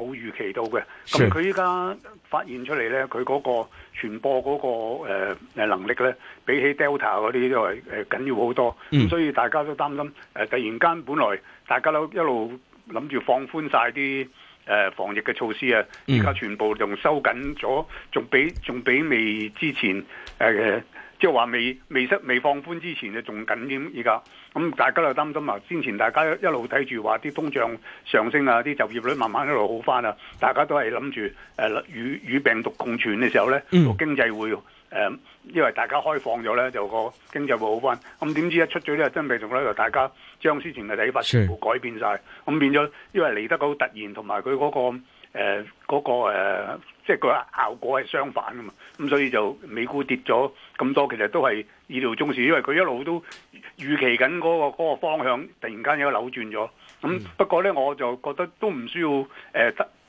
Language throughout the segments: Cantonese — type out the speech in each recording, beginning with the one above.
冇預期到嘅，咁佢依家發現出嚟咧，佢嗰個傳播嗰、嗰個誒、呃、能力咧，比起 Delta 嗰啲都係誒、呃、緊要好多，嗯、所以大家都擔心誒、呃，突然間本來大家都一路諗住放寬晒啲誒防疫嘅措施啊，而家、嗯、全部仲收緊咗，仲比仲比未之前誒，即係話未未失未放寬之前啊，仲緊啲而家。咁大家就擔心啊！先前大家一路睇住話啲通脹上升啊，啲就業率慢慢一路好翻啊，大家都係諗住誒與與病毒共存嘅時候呢個、嗯、經濟會、呃、因為大家開放咗呢，就個經濟會好翻。咁點知一出咗咧，真病毒呢，就大家將之前嘅睇法全部改變晒，咁是變咗因為嚟得好突然，同埋佢嗰個。誒嗰、呃嗰個、呃、即係個效果係相反嘅嘛，咁所以就美股跌咗咁多，其實都係意料中事，因為佢一路都預期緊嗰、嗰個嗰個方向，突然間又扭轉咗。咁不過呢，我就覺得都唔需要誒，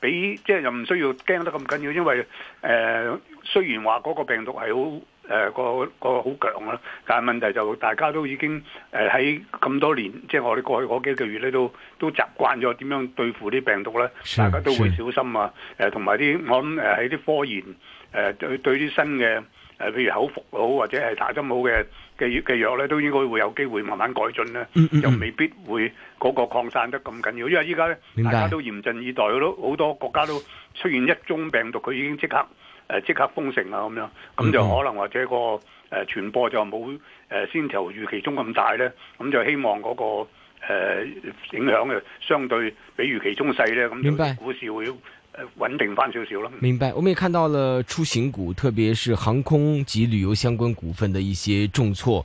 畀、呃、即係又唔需要驚得咁緊要，因為誒、呃、雖然話嗰個病毒係好。誒、呃、個個好強啦，但係問題就大家都已經誒喺咁多年，即係我哋過去嗰幾個月咧，都都習慣咗點樣對付啲病毒咧，是大家都會小心啊！誒同埋啲我諗誒喺啲科研誒、呃、對對啲新嘅誒，譬、呃、如口服好或者係打針好嘅嘅嘅藥咧，都應該會有機會慢慢改進咧，就、嗯嗯嗯、未必會嗰個擴散得咁緊要，因為依家咧大家都嚴陣以待，都好多國家都出現一宗病毒，佢已經即刻。誒即、呃、刻封城啊！咁樣咁就可能或者個誒傳、呃、播就冇誒、呃、先頭預期中咁大咧，咁就希望嗰、那個、呃、影響嘅相對比預期中細咧，咁就股市會誒穩定翻少少囉。明白，明白，我們也看到了出行股，特別是航空及旅遊相關股份的一些重挫。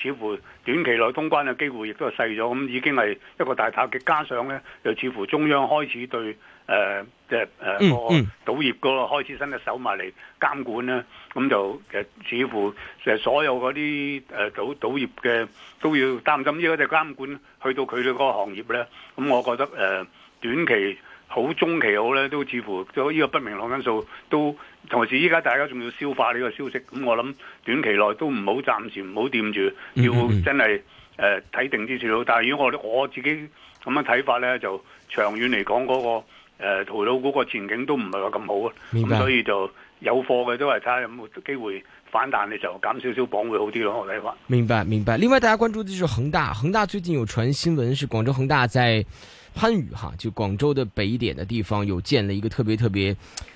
似乎短期內通關嘅機會亦都係細咗，咁已經係一個大打擊加上咧，又似乎中央開始對誒即係誒個賭業嗰個開始伸隻手埋嚟監管咧，咁就其實似乎誒所有嗰啲誒賭賭業嘅都要擔心，因為隻監管去到佢哋嗰個行業咧，咁我覺得誒、呃、短期好、中期好咧，都似乎都呢、這個不明朗因素都。同時依家大家仲要消化呢個消息，咁我諗短期內都唔好，暫時唔好掂住，要真係誒睇定啲先好。但係如果我我自己咁樣睇法咧，就長遠嚟講嗰個誒淘老個前景都唔係話咁好啊。明白，咁所以就有貨嘅都係睇，有冇機會反彈的時候，你就減少少磅會好啲咯。我睇法。明白明白。另外，大家關注嘅就是恒大，恒大最近有傳新聞，是廣州恒大在番禺哈，就廣州的北點的地方有建了一個特別特別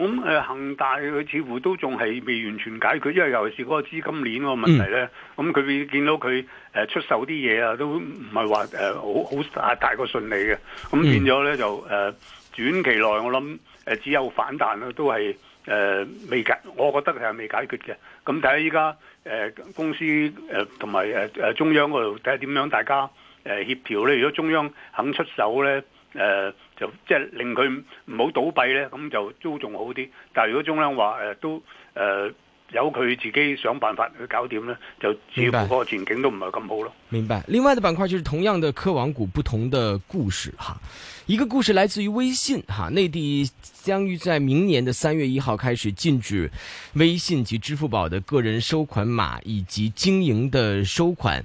咁恒大佢似乎都仲係未完全解決，因為尤其是嗰個資金鏈嗰個問題咧，咁佢、嗯、見到佢誒出售啲嘢啊，都唔係話誒好好太過順利嘅，咁變咗咧就誒短期內我諗誒只有反彈啦，都係誒未解，我覺得係未解決嘅。咁睇下依家誒公司誒同埋誒中央嗰度睇下點樣大家誒協調咧。如果中央肯出手咧。呃，就即係令佢唔好倒閉呢，咁就都仲好啲。但係如果中央話、呃、都呃有佢自己想辦法去搞掂呢，就似乎個前景都唔係咁好咯。明白。另外的板塊就是同樣的科網股，不同的故事哈。一個故事來自於微信哈，內地將於在明年的三月一號開始禁止微信及支付寶的個人收款碼以及經營的收款，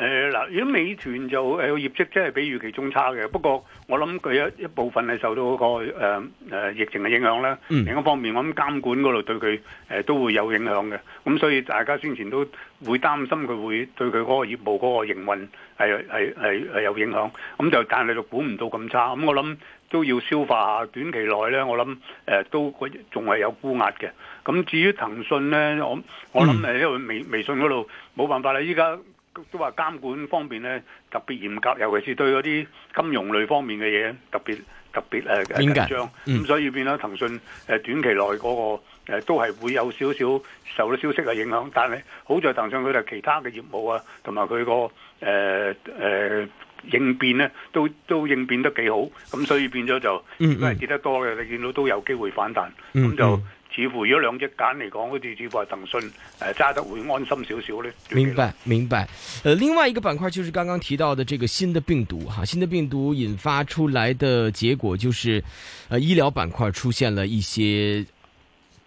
誒嗱，如果、呃、美團就誒業績真係比預期中差嘅，不過我諗佢一一部分係受到、嗰個、呃、疫情嘅影響啦。另一方面我諗監管嗰度對佢、呃、都會有影響嘅，咁所以大家先前都會擔心佢會對佢嗰個業務嗰個營運係係係係有影響，咁就但係就估唔到咁差，咁我諗都要消化下短期內咧，我諗、呃、都仲係有沽壓嘅。咁至於騰訊咧，我我諗誒因為微微信嗰度冇辦法啦，依家。都話監管方面咧，特別嚴格，尤其是對嗰啲金融類方面嘅嘢特別特別誒、呃、緊張，咁、嗯、所以變咗騰訊誒短期內嗰、嗰個、呃、都係會有少少受啲消息嘅影響，但係好在騰訊佢哋其他嘅業務啊，同埋佢個誒誒應變咧都都應變得幾好，咁所以變咗就如果係跌得多嘅，你見到都有機會反彈，咁就。似乎有兩隻揀嚟講，佢哋似乎係騰訊誒揸、呃、得會安心少少咧。明白明白，呃，另外一個板塊就是剛剛提到的這個新的病毒哈，啊，新的病毒引發出來的結果就是，呃，醫療板塊出現了一些。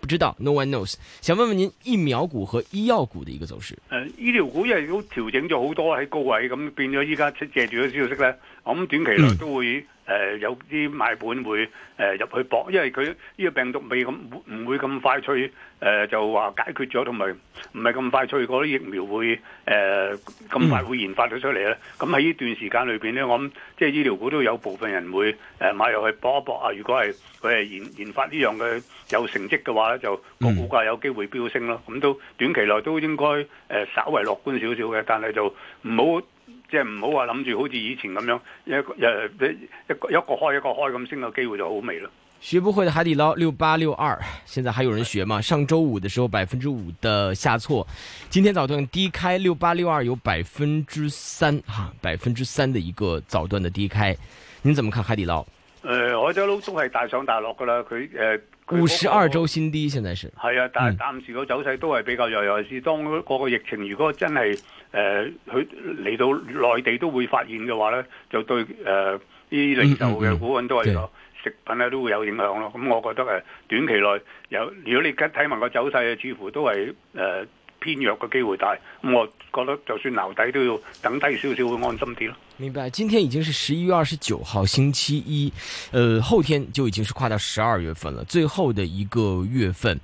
不知道，no one knows。想問問您疫苗股和醫藥股的一個走勢。誒、嗯，醫療股因為都調整咗好多喺高位，咁變咗依家借住個消息咧，咁短期內都會。誒、呃、有啲買盤會入、呃、去搏，因為佢呢個病毒未咁唔會咁快脆、呃、就話解決咗，同埋唔係咁快脆嗰啲疫苗會咁、呃、快會研發到出嚟咧。咁喺呢段時間裏面咧，我諗即係醫療股都有部分人會、呃、買入去搏一搏啊。如果係佢係研研發呢樣嘅有成績嘅話咧，就個股價有機會飆升咯。咁、嗯、都短期內都應該、呃、稍微樂觀少少嘅，但係就唔好。即係唔好話諗住好似以前咁樣，一個誒一一個開一個開咁升嘅機會就好微咯。學不會嘅海底撈六八六二，62，現在還有人學嗎？上周五嘅時候百分之五嘅下挫，今天早段低開六八六二有百分之三哈，百分之三嘅一個早段嘅低開，您怎麼看海底撈？誒、呃，海底撈都係大上大落噶啦，佢誒。呃五十二周新低，現在是係啊，但係暫時個走勢都係比較弱，嗯、尤其是當嗰個疫情如果真係誒佢嚟到內地都會發現嘅話呢，就對誒啲零售嘅股份都係個、嗯、食品咧都會有影響咯。咁、嗯、我覺得誒短期內有，如果你睇埋個走勢，似乎都係誒。呃偏弱嘅機會大，咁我覺得就算留底都要等低少少會安心啲咯。明白，今天已經是十一月二十九號星期一，呃，後天就已經是跨到十二月份了，最後的一個月份。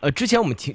呃，之前我們聽。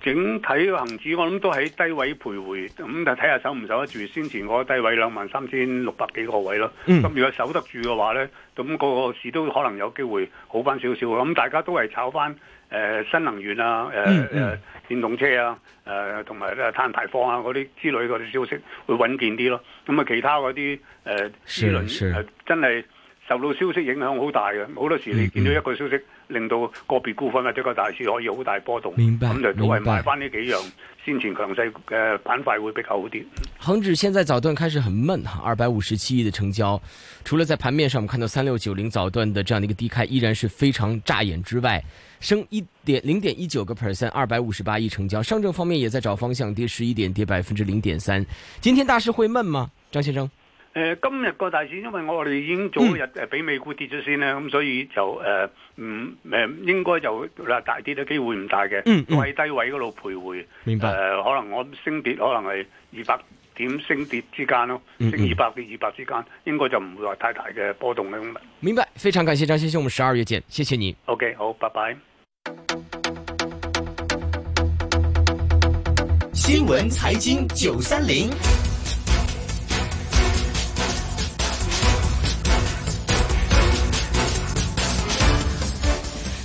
整體個恆指我諗都喺低位徘徊，咁就睇下守唔守得住，先前嗰個低位兩萬三千六百幾個位咯。咁、嗯、如果守得住嘅話咧，咁、嗰個市都可能有機會好翻少少。咁、嗯嗯、大家都係炒翻、呃、新能源啊、呃、電動車啊、同埋咧碳排放啊嗰啲之類嗰啲消息會穩健啲咯。咁、嗯、啊，其他嗰啲誒資輪真係。呃受到消息影響好大嘅，好多時你見到一個消息，明白，令到個別股份或者個大市可以好大波動，咁明白，就都係賣翻呢幾樣明白，先前強勢嘅板塊會比較好啲。恒指現在早段開始很悶，二百五十七億的成交，除了在盤面上我們看到三六九零早段的這樣的一個低開依然是非常扎眼之外，升一點零點一九個 percent，二百五十八億成交。上證方面也在找方向，跌十一點，跌百分之零點三。今天大市會悶嗎，張先生？誒、呃，今日個大市，因為我哋已經早日誒俾美股跌咗先啦，咁、嗯、所以就誒唔誒，應該就嗱大跌嘅，機會唔大嘅，我喺、嗯嗯、低位嗰度徘徊。明白。誒、呃，可能我升跌可能係二百點升跌之間咯，嗯、升二百至二百之間，嗯、應該就唔會話太大嘅波動咁。明白，非常感謝張先生，我們十二月見，謝謝你。OK，好，拜拜。新聞財經九三零。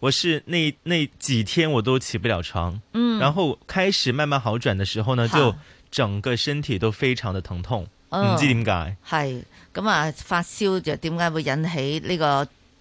我是那那幾天我都起不了床，嗯，然後開始慢慢好轉的時候呢，哈就整個身體都非常的疼痛，唔、哦、知點解。係咁啊，發燒就點解會引起呢個？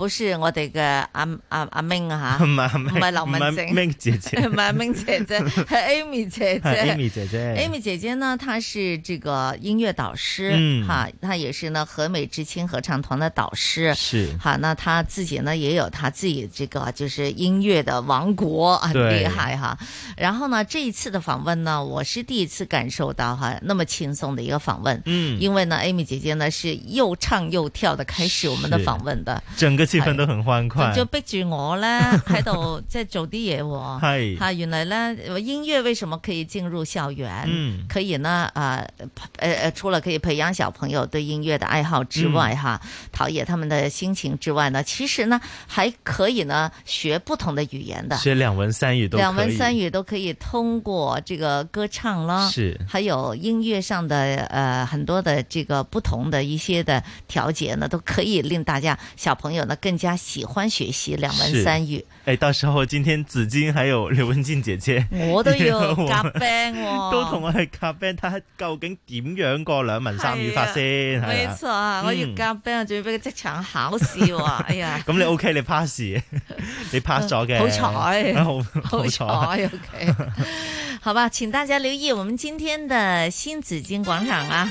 不是我這個阿阿阿明啊吓，唔係唔係明姐姐，唔係明姐姐，係 Amy 姐姐，Amy 姐姐，Amy 姐姐呢，她是這個音樂導師，嗯，哈，她也是呢和美至親合唱團的導師，是，哈，那她自己呢也有她自己這個就是音樂的王國，很厲害哈。然後呢，這一次的訪問呢，我是第一次感受到哈那麼輕鬆的一個訪問，嗯，因為呢，Amy 姐姐呢是又唱又跳的開始我們的訪問的，整個。 氣氛都很歡快，哎、就逼住我呢，喺度 即係做啲嘢。係啊、哎，原來呢，音樂為什麼可以進入校園？嗯，可以呢。啊、呃，呃，除了可以培養小朋友對音樂的愛好之外，哈、嗯，陶冶他們的心情之外呢，其實呢還可以呢學不同的語言的，學兩文三語都可以兩文三語都可以通過這個歌唱啦，是，還有音樂上的呃很多的這個不同的一些的調節呢，都可以令大家小朋友呢。更加喜歡學習兩文三語。哎，到時候今天紫荊還有劉文靜姐姐，我都要夾 band 哦，都同我去夾 band，睇下究竟點樣過兩文三語法先。冇錯啊，我要夾 band，我仲要俾個職場考試。哎呀，咁你 OK，你 pass 嘅，你 pass 咗嘅，好彩，好彩 OK。好吧，請大家留意我們今天的新紫荊廣場啊。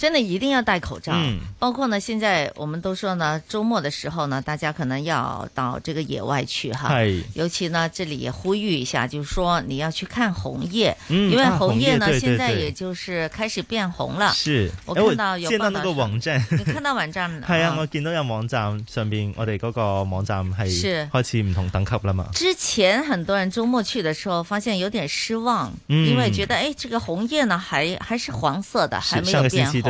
真的一定要戴口罩。嗯。包括呢，現在我們都說呢，周末的時候呢，大家可能要到這個野外去哈。是尤其呢，這裏也呼籲一下，就是說你要去看紅葉。嗯。因為紅葉呢，葉現在也就是開始變紅了。是。我看到有。見那個網站。你看到網站了？係啊，我見到有網站上邊，我哋嗰個網站係開始唔同等級了嘛。之前很多人周末去的時候，發現有點失望，嗯、因為覺得誒、哎，這個紅葉呢，還還是黃色的，還沒有變紅。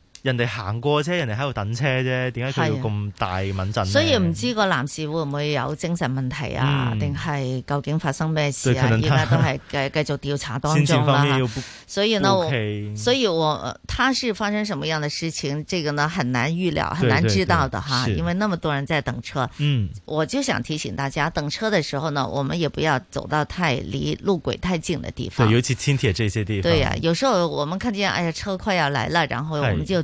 人哋行過啫，人哋喺度等車啫，點解佢要咁大敏感、啊？所以唔知個男士會唔會有精神問題啊？定係、嗯、究竟發生咩事啊？而家都係繼繼續調查當中啦、啊。前前所以呢，我起所以我他是發生什麼樣的事情？這個呢，很難預料，很難知道的哈、啊。對對對因為那麼多人在等車，嗯，我就想提醒大家，等車的時候呢，我們也不要走到太離路軌太近的地方。對，尤其輕鐵這些地方。對呀、啊，有時候我們看見，哎呀，車快要來了，然後我們就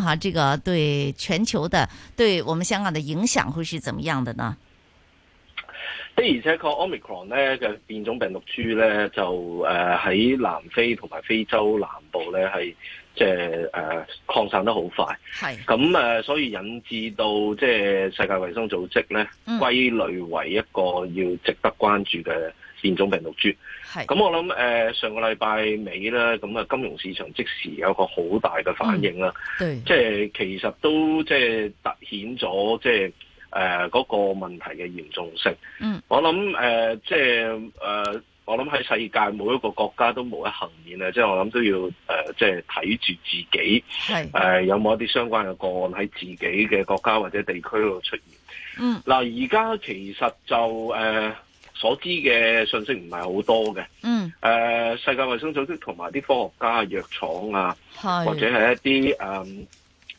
哈、啊，這個對全球的，對我們香港的影響會是怎麼樣的呢？的而且確，Omicron 咧嘅變種病毒株咧，就誒喺、呃、南非同埋非洲南部咧係即係誒擴散得好快。係咁誒，所以引致到即係、就是、世界衛生組織咧歸類為一個要值得關注嘅。變種病毒株，係咁，是我諗、呃、上個禮拜尾咧，咁啊金融市場即時有個好大嘅反應啦，嗯、即係其實都即係凸顯咗即係嗰、呃那個問題嘅嚴重性。嗯，我諗、呃、即係誒、呃，我諗喺世界每一個國家都冇一幸面啊，即係我諗都要、呃、即係睇住自己，是呃、有冇一啲相關嘅個案喺自己嘅國家或者地區度出現。嗯，嗱而家其實就誒、呃所知嘅信息唔係好多嘅。嗯、呃。世界衛生組織同埋啲科學家、藥廠啊，的或者係一啲誒、嗯、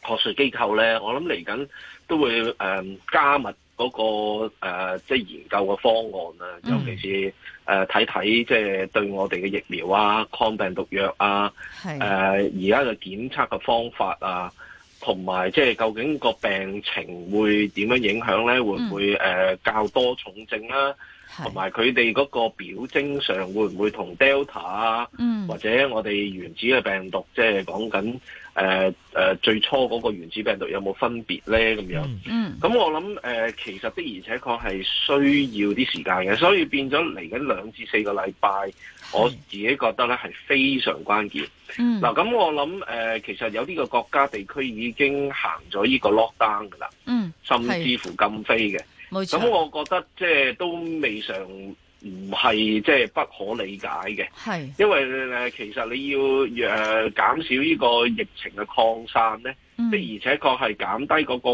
學術機構咧，我諗嚟緊都會誒、嗯、加密嗰、那個、呃、即係研究嘅方案、啊、尤其是誒睇睇即係對我哋嘅疫苗啊、抗病毒藥啊，而家嘅檢測嘅方法啊，同埋即係究竟個病情會點樣影響咧？會唔會誒、嗯呃、較多重症啦、啊？同埋佢哋嗰個表徵上會唔會同 Delta 啊、嗯，或者我哋原始嘅病毒，即係講緊誒、呃呃、最初嗰個原始病毒有冇分別咧？咁樣，咁、嗯、我諗、呃、其實的而且確係需要啲時間嘅，所以變咗嚟緊兩至四個禮拜，是我自己覺得咧係非常關鍵。嗱、嗯，咁我諗、呃、其實有呢個國家地區已經行咗呢個 lockdown 㗎啦，嗯、甚至乎禁飛嘅。咁我覺得即係都未嘗唔係即係不可理解嘅，是因為其實你要誒減少呢個疫情嘅擴散咧，的、嗯、而且確係減低嗰、那個、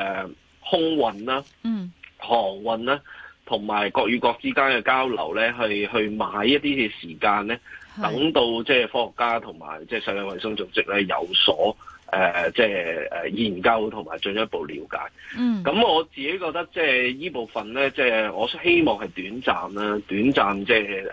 呃、空運啦、啊、嗯、航運啦、啊，同埋國與國之間嘅交流咧，去去買一啲嘅時間咧，是等到即係科學家同埋即係世界衛生組織咧有所。誒、呃，即係誒研究同埋進一步了解。嗯，咁我自己覺得即係呢部分咧，即係我希望係短暫啦，短暫即係誒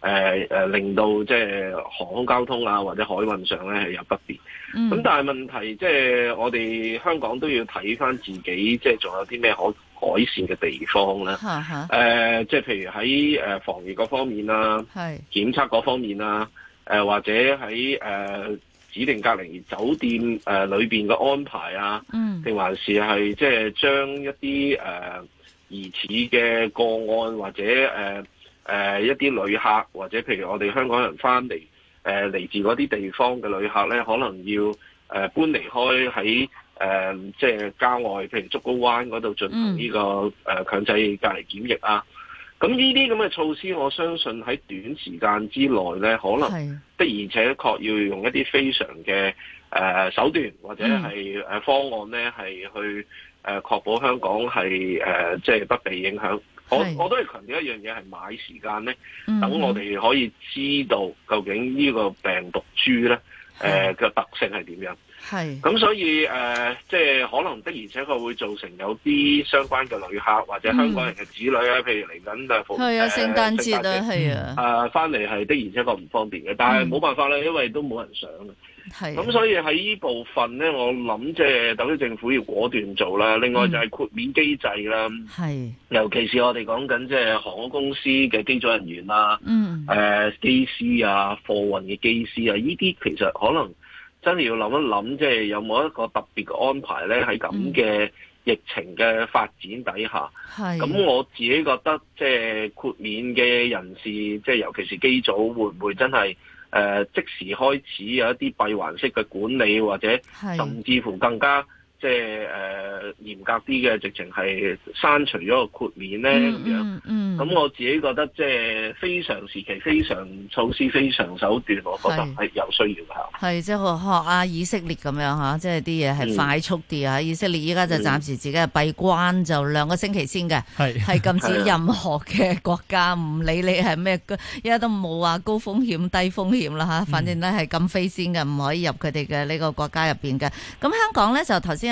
誒誒，令到即係航空交通啊或者海運上咧係有不便。嗯，咁但係問題即係我哋香港都要睇翻自己，即係仲有啲咩可改善嘅地方咧？嚇哈、呃、即係譬如喺誒防疫嗰方面啦，係是檢測嗰方面啦，誒、呃、或者喺誒。呃指定隔離酒店誒裏面嘅安排啊，定、嗯、還是係即係將一啲誒疑似嘅個案或者誒誒一啲旅客或者譬如我哋香港人翻嚟誒嚟自嗰啲地方嘅旅客咧，可能要誒搬離開喺誒即係郊外，譬如竹篙灣嗰度進行呢個誒強制隔離檢疫啊。咁呢啲咁嘅措施，我相信喺短時間之內咧，可能的而且確要用一啲非常嘅誒、呃、手段或者係誒方案咧，係去誒確保香港係誒即係不被影響。我我都係強調一樣嘢，係買時間咧，等我哋可以知道究竟呢個病毒株咧誒嘅特性係點樣。係，咁是所以誒，即、呃、係、就是、可能的，而且確會造成有啲相關嘅旅客或者香港人嘅子女啊，嗯、譬如嚟緊誒，唔係啊，聖誕節啊，係啊，誒翻嚟係的，而且確唔方便嘅，但係冇辦法咧，因為都冇人想嘅，係的，咁所以喺呢部分咧，我諗即係等於政府要果斷做啦，另外就係豁免機制啦，係的，尤其是我哋講緊即係航空公司嘅機組人員啦、啊，嗯，誒、啊、機師啊，貨運嘅機師啊，呢啲其實可能。真係要諗一諗，即係有冇一個特別嘅安排咧？喺咁嘅疫情嘅發展底下，係咁我自己覺得，即係豁免嘅人士，即係尤其是機組，會唔會真係誒即時開始有一啲閉環式嘅管理，或者甚至乎更加？即係誒、呃、嚴格啲嘅，直情係刪除咗個豁免咧咁、嗯嗯、樣。咁我自己覺得即係非常時期、非常措施、非常手段，我覺得係有需要嘅。係即係學學啊以色列咁樣吓，即係啲嘢係快速啲啊！以色列依家就暫時自己閉關、嗯、就兩個星期先嘅。係是。禁止任何嘅國家，唔理、啊、你係咩，依家都冇話高風險低風險啦吓，嗯、反正咧係禁飛先嘅，唔可以入佢哋嘅呢個國家入邊嘅。咁香港咧就頭先。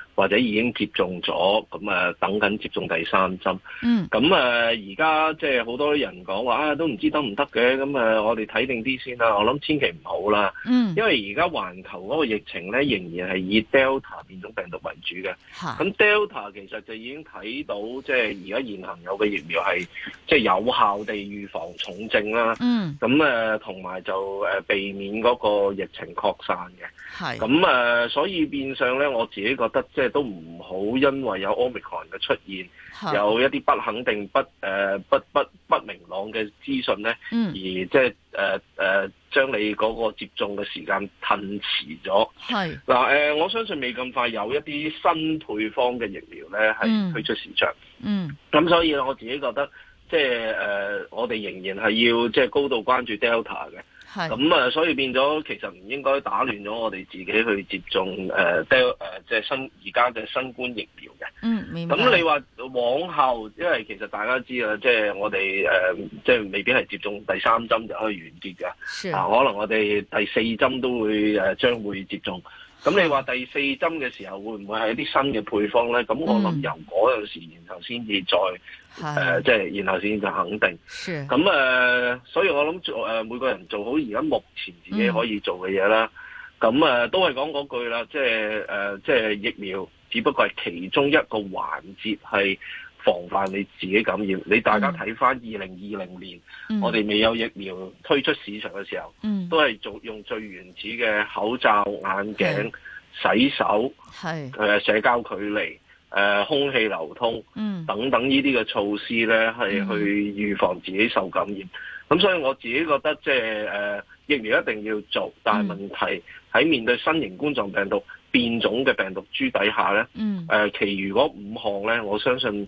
或者已經接種咗，咁啊等緊接種第三針。嗯，咁啊而家即係好多人講話啊，都唔知得唔得嘅，咁啊我哋睇定啲先啦。我諗千祈唔好啦。嗯，因為而家環球嗰個疫情咧，仍然係以 Delta 變種病毒為主嘅。嚇的，咁 Delta 其實就已經睇到，即係而家現行有嘅疫苗係即係有效地預防重症啦。嗯，咁啊同埋就誒避免嗰個疫情擴散嘅。係的，咁啊所以變相咧，我自己覺得即係。都唔好因為有 Omicron 嘅出現，有一啲不肯定、不、呃、不不不明朗嘅資訊咧，嗯、而即、就、係、是呃呃、將你嗰個接種嘅時間褪遲咗。係嗱、呃、我相信未咁快有一啲新配方嘅疫苗咧係推出市場。嗯，咁、嗯、所以我自己覺得即係、就是呃、我哋仍然係要即係、就是、高度關注 Delta 嘅。咁啊，所以變咗其實唔應該打亂咗我哋自己去接種誒、呃，即係誒，即係新而家嘅新冠疫苗嘅。嗯，明白。咁你話往後，因為其實大家知啦，即、就、係、是、我哋誒，即、呃、係、就是、未必係接種第三針就可以完結嘅，是啊，可能我哋第四針都會誒，將會接種。咁你話第四針嘅時候會唔會係一啲新嘅配方咧？咁我諗由嗰陣時然後先至再即係是、呃即係、然後先至肯定。咁誒是、呃，所以我諗、呃、每個人做好而家目前自己可以做嘅嘢啦。咁誒、嗯呃、都係講嗰句啦，即係、呃、即係疫苗，只不過係其中一個環節係。防範你自己感染，你大家睇返二零二零年，嗯、我哋未有疫苗推出市場嘅時候，嗯、都係做用最原始嘅口罩、眼鏡、是洗手、是社交距離、呃、空氣流通、嗯、等等呢啲嘅措施咧，係去預防自己受感染。咁、嗯、所以我自己覺得，即係誒疫苗一定要做，但係問題喺、嗯、面對新型冠狀病毒變種嘅病毒株底下咧、嗯呃，其餘嗰五項咧，我相信。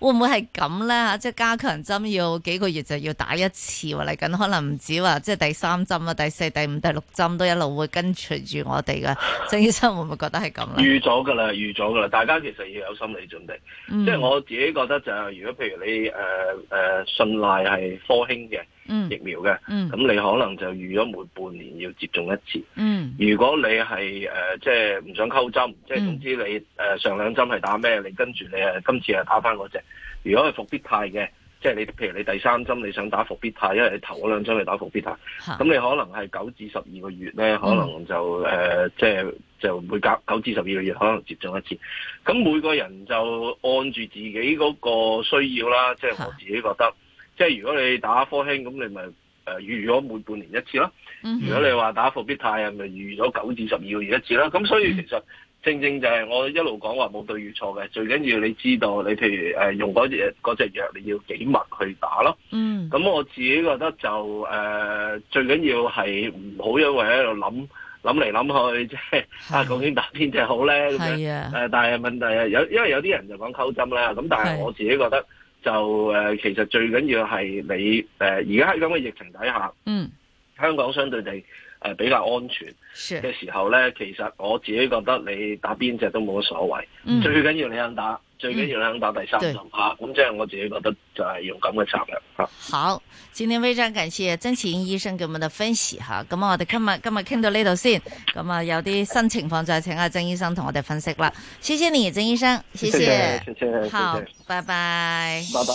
會唔會係咁呢？即係加強針要幾個月就要打一次，嚟緊可能唔止話即係第三針啊，第四、第五、第六針都一路會跟隨住我哋噶曾醫生會唔會覺得係咁咧？預咗噶啦，預咗噶啦，大家其實要有心理準備。嗯、即係我自己覺得就係，如果譬如你誒誒、呃、信賴係科興嘅。嗯、疫苗嘅，咁、嗯、你可能就預咗每半年要接種一次。嗯，如果你係誒即係唔想溝針，即係總之你誒上兩針係打咩，你跟住你誒今次誒打翻嗰隻。如果係復必泰嘅，即、就、係、是、你譬如你第三針你想打復必泰，因為你頭嗰兩針你打復必泰，咁、嗯、你可能係九至十二個月咧，可能就誒即係就每隔九至十二個月可能接種一次。咁每個人就按住自己嗰個需要啦，即、就、係、是、我自己覺得。嗯嗯即係如果你打科興，咁你咪誒、呃、預咗每半年一次咯。嗯、哼如果你話打復必泰啊，咪預咗九至十二個月一次啦。咁、嗯、哼所以其實正正就係我一路講話冇對與錯嘅，最緊要你知道你譬如、呃、用嗰隻嗰隻藥，你要幾密去打咯。嗯。咁我自己覺得就誒、呃、最緊要係唔好因為喺度諗諗嚟諗去，即、就、係、是、的啊究竟打邊隻好咧咁的樣。係但係問題係有，因為有啲人就講溝針啦。咁但係我自己覺得。就誒其實最緊要係你誒而家喺咁嘅疫情底下，嗯，香港相對地誒、呃、比較安全嘅時候咧，是其實我自己覺得你打邊隻都冇乜所謂，嗯、最緊要你肯打。最緊要咧打第三針吓，咁即係我自己覺得就係用咁嘅策略吓。啊、好，今天非常感謝曾祈殷醫生給我們的分析吓，咁、啊、我哋今日今日傾到呢度先，咁啊有啲新情況再請阿、啊、曾醫生同我哋分析啦。謝謝你，曾醫生，謝謝，謝謝謝謝好，謝謝拜拜，拜拜。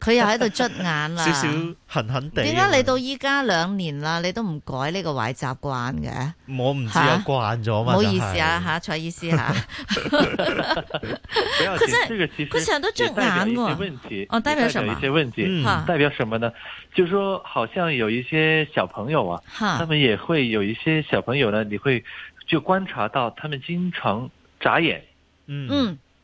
佢 又喺度捽眼啦， 少少痕痕地。點解你到依家兩年啦，你都唔改呢個壞習慣嘅？我唔知啊慣咗嘛？唔好意思啊，吓，蔡醫師吓。佢真係，佢成日都捽眼喎。哦，代表什麼？代表一些問題，嗯，代表什麼呢？就說好像有一些小朋友啊，哈他們也會有一些小朋友呢，你會就觀察到他們經常眨眼。嗯。嗯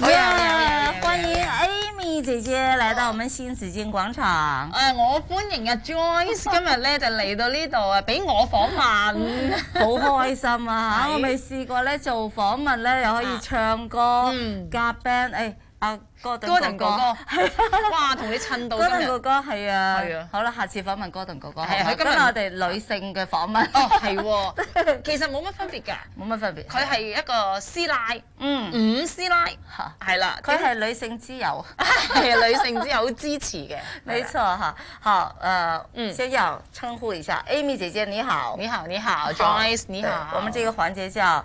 好啊！歡迎 Amy 姐姐來到我們新紫荊廣場。誒、oh. 哎，我歡迎 Joyce 今日咧就嚟到呢度啊，俾 我訪問，好、嗯、開心啊 我未試過咧做訪問咧又可以唱歌、啊、夾 band 誒、哎。哥，哥哥哥，哇，同你襯到。哥哥哥係啊，好啦，下次訪問哥頓哥哥，係今日我哋女性嘅訪問。哦，係，其實冇乜分別嘅，冇乜分別。佢係一個師奶，嗯，五師奶，係啦，佢係女性之友，係女性之友支持嘅，冇錯吓。好，誒，先要稱呼一下，Amy 姐姐你好，你好，你好，Joyce 你好，我們這個環節叫。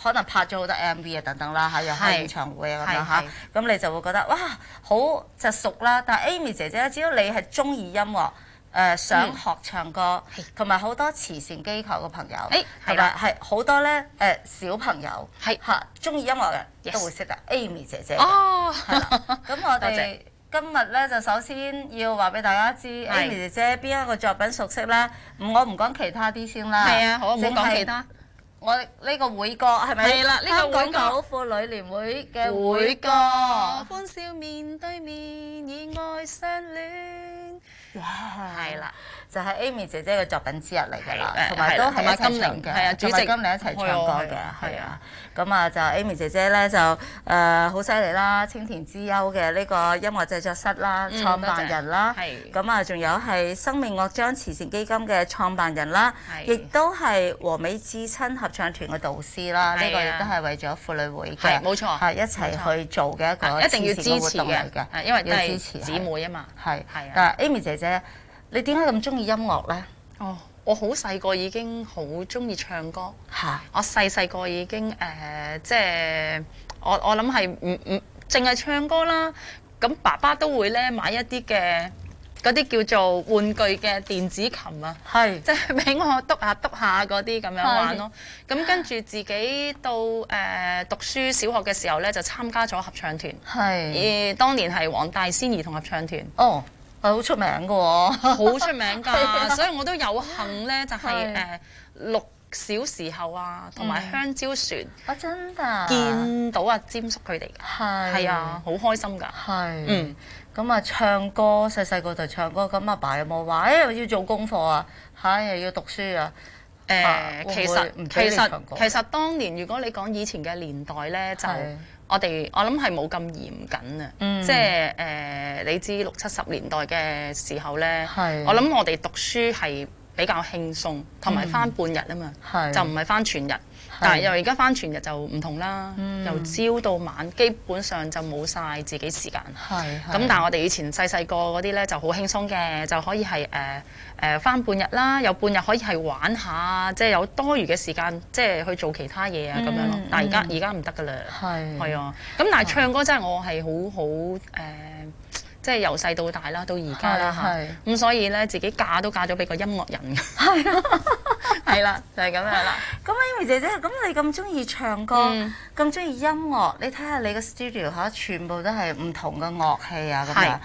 可能拍咗好多 MV 啊，等等啦嚇，又開演唱會啊咁樣嚇，咁你就會覺得哇，好就熟啦。但 Amy 姐姐咧，只要你係中意音樂，誒想學唱歌，同埋好多慈善機構嘅朋友，同埋係好多咧誒小朋友嚇中意音樂嘅都會識得 Amy 姐姐哦，咁我哋今日咧就首先要話俾大家知，Amy 姐姐邊一個作品熟悉啦？我唔講其他啲先啦，係啊，好唔好講其他？我呢、這個會歌係咪？係啦，呢對個香港島婦女聯會嘅會歌。歡笑面對面，以愛相戀。會歌哇對就係 Amy 姐姐嘅作品之一嚟㗎啦，同埋都係埋金良嘅，係啊，組成金良一齊唱歌嘅，係啊。咁啊，就 Amy 姐姐呢就誒好犀利啦，青田之優嘅呢個音樂製作室啦，創辦人啦，係。咁啊，仲有係生命樂章慈善基金嘅創辦人啦，亦都係和美至親合唱團嘅導師啦，呢個亦都係為咗婦女會嘅，冇錯，係一齊去做嘅一個慈善嘅活動嚟嘅，係因為支持姊妹啊嘛，係。但係 Amy 姐姐。你點解咁中意音樂呢？哦，oh, 我好細個已經好中意唱歌。嚇 Huh?、呃就是！我細細個已經誒，即係我我諗係唔唔淨係唱歌啦。咁爸爸都會咧買一啲嘅嗰啲叫做玩具嘅電子琴啊。係 Hey.。即係俾我篤下篤下嗰啲咁樣玩咯。咁 Hey. 跟住自己到誒、呃、讀書小學嘅時候咧，就參加咗合唱團。係。Hey. 而當年係黃大仙兒童合唱團。哦。Oh. 係好出名嘅喎？哦，好出名㗎，所以我都有幸咧，就是，就係誒六小時候啊，同埋香蕉船、嗯、啊，真㗎，見到阿詹叔佢哋，係係啊，好、啊是啊、開心㗎，係是嗯，咁啊唱歌細細個就唱歌，咁阿爸又冇話，哎要做功課啊，嚇、啊、又要讀書啊，誒、呃、其實其實其實當年如果你講以前嘅年代咧就。我哋我諗係冇咁嚴謹啊，嗯、即係誒、呃、你知六七十年代嘅時候呢，是我諗我哋讀書係比較輕鬆，同埋、嗯、翻半日啊嘛，是就唔係翻全日。是但係又而家翻全日就唔同啦，嗯、由朝到晚基本上就冇晒自己時間。咁但係我哋以前細細個嗰啲呢，就好輕鬆嘅，就可以係誒。呃誒、呃、翻半日啦，有半日可以係玩一下，即、就、係、是、有多餘嘅時間，即、就、係、是、去做其他嘢啊咁樣咯。但而家而家唔得噶啦，係係啊。咁但係唱歌真係我係好好誒，即係由細到大啦，到而家啦嚇。咁、啊啊啊、所以咧，自己嫁都嫁咗俾個音樂人。係啊，係啦、 啊，就係、是、咁樣啦。咁啊 ，Amy 姐姐，咁你咁中意唱歌，咁中意音樂，你睇下你個 studio 嚇，全部都係唔同嘅樂器啊咁樣。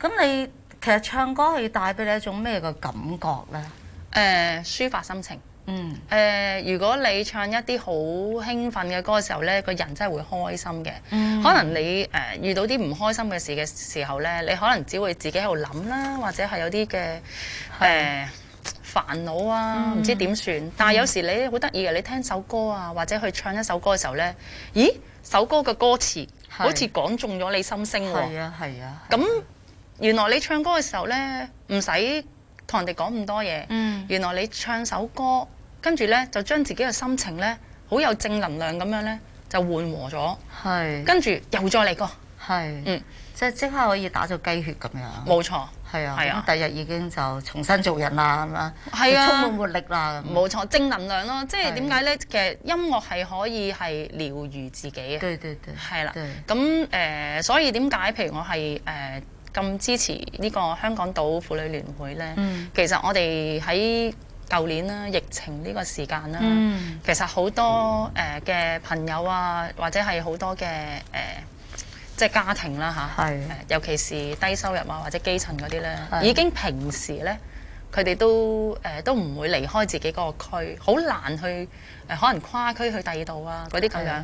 咁你其實唱歌係帶俾你一種咩嘅感覺咧？誒、呃，抒發心情。嗯。誒、呃，如果你唱一啲好興奮嘅歌嘅時候咧，個人真係會開心嘅。嗯。可能你誒、呃、遇到啲唔開心嘅事嘅時候咧，你可能只會自己喺度諗啦，或者係有啲嘅誒煩惱啊，唔、嗯、知點算。但係有時你好得意嘅，你聽首歌啊，或者去唱一首歌嘅時候咧，咦，首歌嘅歌詞好似講中咗你心聲喎。係啊，係啊。咁、啊。原來你唱歌嘅時候呢，唔使同人哋講咁多嘢。原來你唱首歌，跟住呢，就將自己嘅心情呢，好有正能量咁樣呢，就緩和咗。係。跟住又再嚟過。係。即係即刻可以打咗雞血咁樣。冇錯。係啊。係啊。第日已經就重新做人啦咁樣。係啊。充滿活力啦。冇錯，正能量咯。即係點解呢？其實音樂係可以係療愈自己嘅。對對對。係啦。對。咁誒，所以點解譬如我係誒？咁支持呢個香港島婦女聯會呢，嗯、其實我哋喺舊年啦，疫情呢個時間啦，嗯、其實好多誒嘅、嗯呃、朋友啊，或者係好多嘅誒、呃，即係家庭啦、啊、嚇，是尤其是低收入啊或者基層嗰啲呢，是已經平時呢，佢哋都誒、呃、都唔會離開自己嗰個區，好難去誒、呃、可能跨區去第二度啊嗰啲咁樣。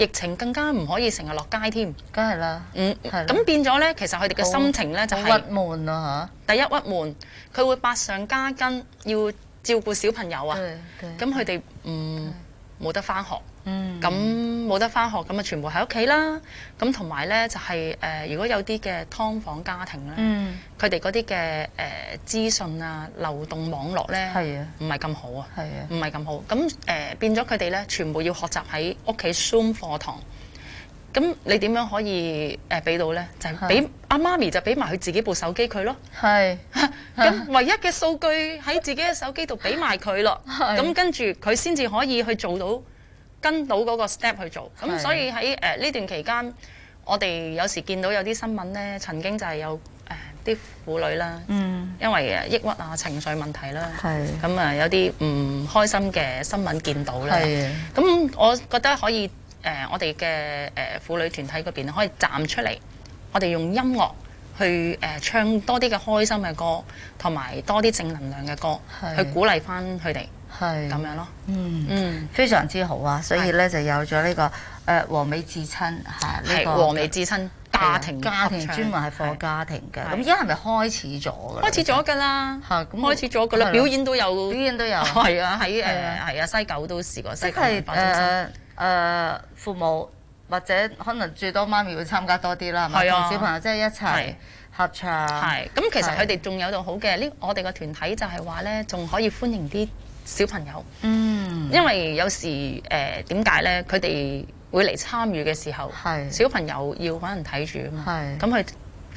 疫情更加唔可以成日落街添，梗係啦。嗯，咁變咗咧，其實佢哋嘅心情咧就係鬱悶啦嚇。第一鬱悶，佢會百上加斤要照顧小朋友啊。咁佢哋唔冇得返學。咁冇、嗯、得翻學，咁啊全部喺屋企啦。咁同埋咧，就係、是、誒、呃，如果有啲嘅劏房家庭咧，佢哋嗰啲嘅誒資訊啊，流動網絡咧，係啊，唔係咁好啊，係啊，唔係咁好。咁誒、呃、變咗佢哋咧，全部要學習喺屋企 Zoom 課堂。咁你點樣可以誒俾、呃、到咧？就係俾阿媽咪就俾埋佢自己部手機佢咯。係、啊、咁、啊、唯一嘅數據喺自己嘅手機度俾埋佢咯。咁、啊啊、跟住佢先至可以去做到。跟到嗰個 step 去做，咁所以喺誒呢段期間，我哋有時見到有啲新聞咧，曾經就係有誒啲、呃、婦女啦，嗯、因為、呃、抑鬱啊、情緒問題啦，咁啊是、呃、有啲唔開心嘅新聞見到咧。咁是我覺得可以誒、呃，我哋嘅誒婦女團體嗰邊可以站出嚟，我哋用音樂去誒、呃、唱多啲嘅開心嘅歌，同埋多啲正能量嘅歌是去鼓勵翻佢哋。係咁樣咯，嗯嗯，非常之好啊！所以咧就有咗呢個誒和美至親，係係和美至親家庭家庭，專門係放家庭嘅，咁依家係咪開始咗噶？開始咗噶啦，嚇咁開始咗噶啦，表演都有，表演都有，係啊喺誒係啊西九都試過，即係誒誒父母或者可能最多媽咪會參加多啲啦，啊，小朋友即係一齊合唱。係咁，其實佢哋仲有度好嘅，呢我哋個團體就係話咧，仲可以歡迎啲。小朋友，嗯，因為有時，誒、呃，點解咧？佢哋會嚟參與嘅時候，係是小朋友要可能睇住，嘛是，係，咁佢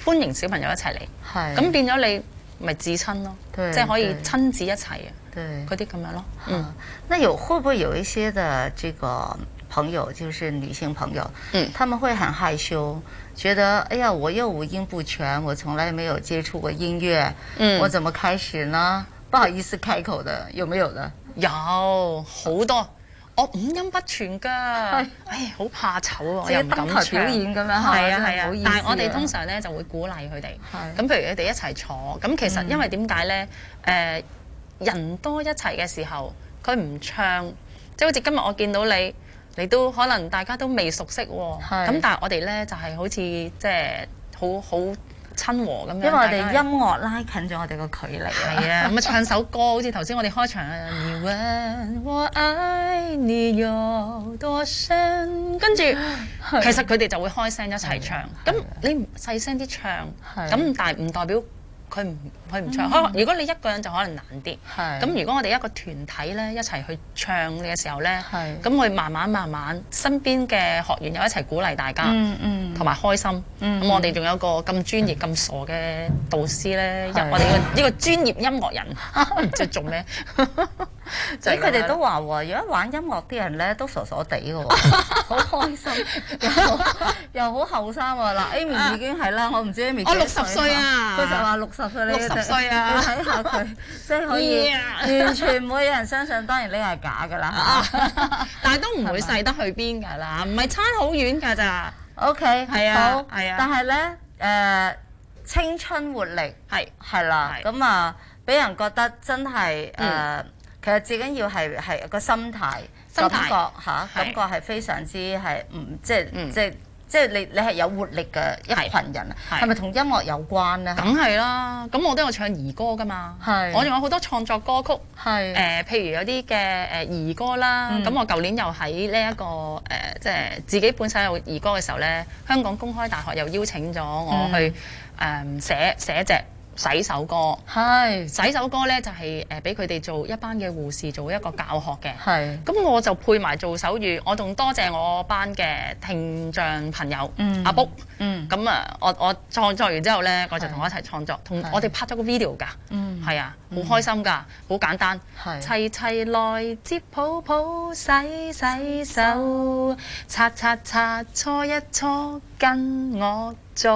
歡迎小朋友一齊嚟，係是，咁變咗你咪至親咯，對即係可以親子一齊嘅，嗰啲咁樣咯。嗯、啊，那有會唔會有一些嘅，這個朋友，就是女性朋友，嗯，他們會很害羞，覺得哎呀，我又五音不全，我從來沒有接觸過音樂，嗯，我怎麼開始呢？不好意思，開口的有沒有呢？有好多，我、哦、五音不全噶，唉是，好怕醜喎，又不敢表演咁樣，係啊係啊，好的，但係我哋通常呢就會鼓勵佢哋，咁是譬如佢哋一齊坐，咁其實因為點解呢？誒、嗯呃，人多一齊嘅時候，佢唔唱，即係好似今日我見到你，你都可能大家都未熟悉喎，咁是但係我哋呢，就係、是、好似即係好好。親和咁樣，因為我哋音樂拉近咗我哋個距離係的啊，咁啊唱首歌，好似頭先我哋開場嘅《你問我愛你有多深》跟住着的其實佢哋就會開聲一齊唱。咁的你細聲啲唱，咁的但係唔代表佢。佢唔唱，可如果你一個人就可能難啲。係。咁如果我哋一個團體咧，一齊去唱嘅時候咧，係。咁我哋慢慢慢慢身邊嘅學員又一齊鼓勵大家，嗯嗯，同埋開心。嗯。咁我哋仲有個咁專業咁傻嘅導師咧，我哋呢個專業音樂人唔知做咩。誒，佢哋都話喎，如果玩音樂啲人咧都傻傻地㗎喎，好開心，又好後生喎嗱。Amy 已經係啦，我唔知 Amy 幾歲啦。我六十歲啊！佢就話六十歲咧。衰啊！睇下佢，即係可以完全冇人相信，當然呢個係假㗎啦。但係都唔會細得去邊㗎啦，唔係差好遠㗎咋。OK，係啊，好，係啊。但係咧，誒，青春活力係係啦。咁啊，俾人覺得真係誒，其實至緊要係係個心態，感覺吓感覺係非常之係唔即係即。即係你，你係有活力嘅一群人，係咪同音樂有關咧？梗係啦，咁我都有唱兒歌㗎嘛，是我仲有好多創作歌曲，誒是、呃，譬如有啲嘅誒兒歌啦，咁、嗯、我舊年又喺呢一個誒，即、呃、係自己本身有兒歌嘅時候咧，香港公開大學又邀請咗我去誒、嗯呃、寫寫隻。洗手歌係洗手歌咧，就係誒俾佢哋做一班嘅護士做一個教學嘅係。咁是我就配埋做手語，我仲多謝我班嘅聽障朋友阿卜。嗯，咁啊布、嗯，我我創作完之後咧，是我就同我一齊創作，同是我哋拍咗個 video 㗎。嗯，係啊，好開心㗎，好簡單。係、嗯、是齊齊來接抱抱洗洗手，擦擦擦搓一搓。跟我做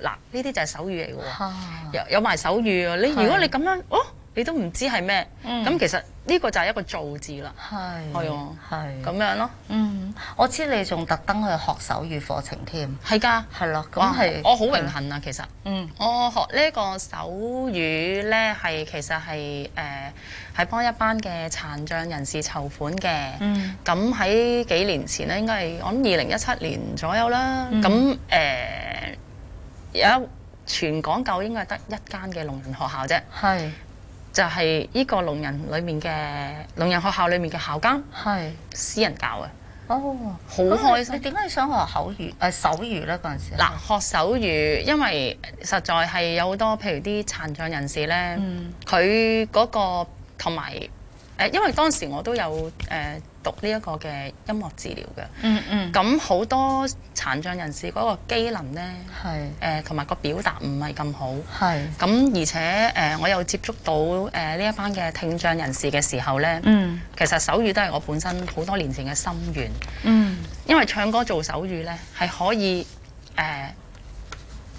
嗱，呢啲就係手語嚟嘅喎，有有埋手語啊！你是如果你咁樣哦。你都唔知係咩，咁其實呢個就係一個造字啦，係係咁樣咯。嗯，我知你仲特登去學手語課程添，係㗎，係咯，咁係我好榮幸啊。其實，嗯，我學呢個手語呢，係其實係誒，係幫一班嘅殘障人士籌款嘅。嗯，咁喺幾年前呢，應該係我諗二零一七年左右啦。咁誒，有全港夠應該係得一間嘅聾人學校啫，係。就係呢個聾人裏面嘅聾人學校裏面嘅校監，係是私人教嘅。哦，好開心！啊、你點解想學口語？誒、啊、手語咧嗰陣時。嗱、啊，學手語，因為實在係有好多譬如啲殘障人士咧，佢嗰、嗯那個同埋誒，因為當時我都有誒。呃讀呢一個嘅音樂治療嘅、嗯，嗯嗯，咁好多殘障人士嗰個機能呢，係誒同埋個表達唔係咁好，係咁是而且誒、呃，我又接觸到誒呢、呃、一班嘅聽障人士嘅時候呢，嗯，其實手語都係我本身好多年前嘅心願，嗯，因為唱歌做手語呢，係可以誒、呃，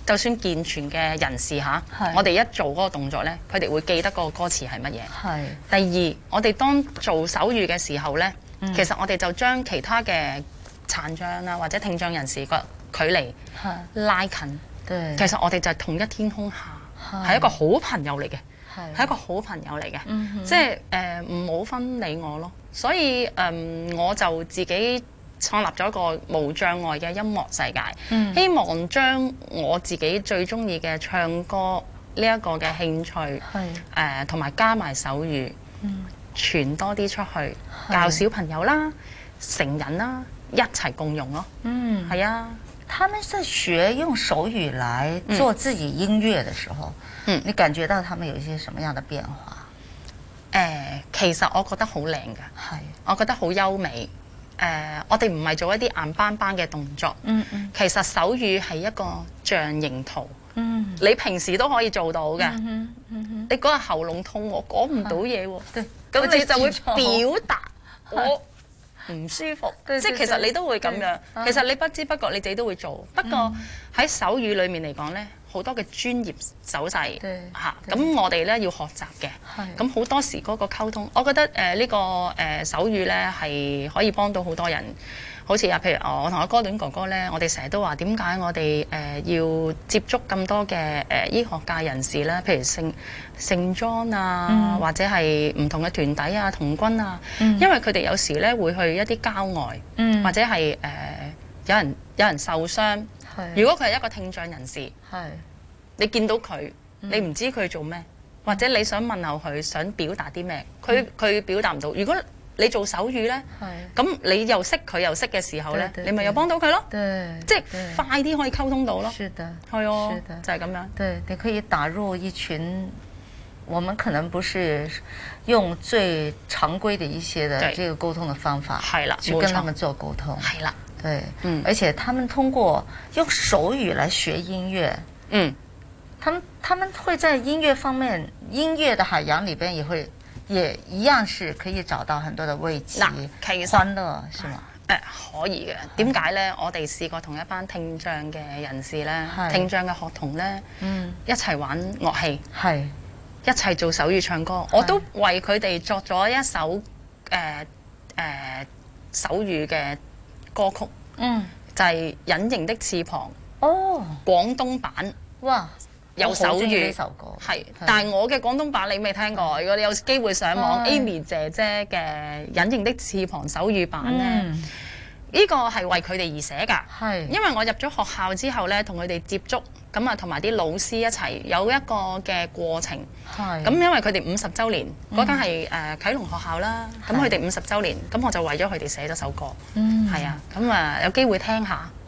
就算健全嘅人士嚇，是我哋一做嗰個動作呢，佢哋會記得嗰個歌詞係乜嘢，係是第二我哋當做手語嘅時候呢。嗯、其實我哋就將其他嘅殘障啦，或者聽障人士個距離拉近。其實我哋就同一天空下，係是一個好朋友嚟嘅，係是一個好朋友嚟嘅。即係唔好分你我咯。所以、呃、我就自己創立咗一個無障礙嘅音樂世界，嗯、希望將我自己最中意嘅唱歌呢一個嘅興趣，誒同埋加埋手語。嗯傳多啲出去，教小朋友啦、的成人啦，一齊共用咯。嗯，係啊。他們係學用手語嚟做自己音樂的時候，嗯嗯、你感覺到他們有一些什麼樣的變化？誒、哎，其實我覺得好靚㗎，係的我覺得好優美。誒、呃，我哋唔係做一啲硬梆梆嘅動作。嗯嗯，嗯其實手語係一個象形圖。嗯，你平時都可以做到嘅。你嗰日喉嚨痛，我講唔到嘢喎。咁你就會表達我唔舒服。即係其實你都會咁樣。其實你不知不覺你自己都會做。不過喺手語裏面嚟講呢，好多嘅專業手勢吓，咁我哋呢要學習嘅。咁好多時嗰個溝通，我覺得誒呢個誒手語呢係可以幫到好多人。好似啊，譬如我同阿哥戀哥哥咧，我哋成日都話點解我哋誒要接觸咁多嘅誒醫學界人士咧？譬如聖聖約翰啊，或者係唔同嘅團體啊、童軍啊，因為佢哋有時咧會去一啲郊外，或者係誒有人有人受傷。如果佢係一個聽障人士，你見到佢，你唔知佢做咩，或者你想問候佢，想表達啲咩，佢佢表達唔到。如果你做手語呢，咁是你又識佢又識嘅時候呢，對對對對你咪又幫到佢咯，對對對對即係快啲可以溝通到咯，係哦，就係咁樣。對，你可以打入一群，我們可能不是用最常規的一些的這個溝通的方法，係啦，去跟他們做溝通對，係啦，而且他們通過用手語來學音樂，嗯他，他們他們會在音樂方面，音樂的海洋裏面也會。也一樣是可以找到很多的慰藉、歡樂，實是嘛嗎？誒、呃，可以嘅。點解呢？我哋試過同一班聽障嘅人士、啊、的呢，聽障嘅學童呢，一齊玩樂器，是的一齊做手語唱歌。的我都為佢哋作咗一首誒誒、呃呃、手語嘅歌曲，嗯，就係、是《隱形的翅膀》。哦，廣東版。哇！有手語，呢首歌係，但係我嘅廣東版你未聽過，如果你有機會上網，Amy 姐姐嘅隱形的翅膀手語版呢，呢個係為佢哋而寫㗎。係，因為我入咗學校之後呢，同佢哋接觸，咁啊，同埋啲老師一齊有一個嘅過程。係，咁因為佢哋五十週年嗰間係誒啟龍學校啦，咁佢哋五十週年，咁我就為咗佢哋寫咗首歌。嗯，係啊，咁啊有機會聽下。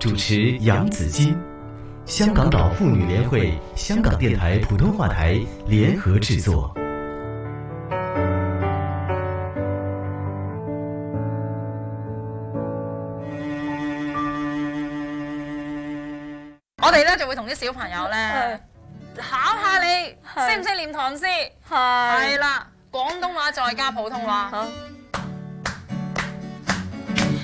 主持楊子矜，香港島婦女聯會、香港電台普通話台聯合製作。製作我哋咧就會同啲小朋友咧是考下你識唔識念唐詩，係係啦，廣東話再加普通話。嗯啊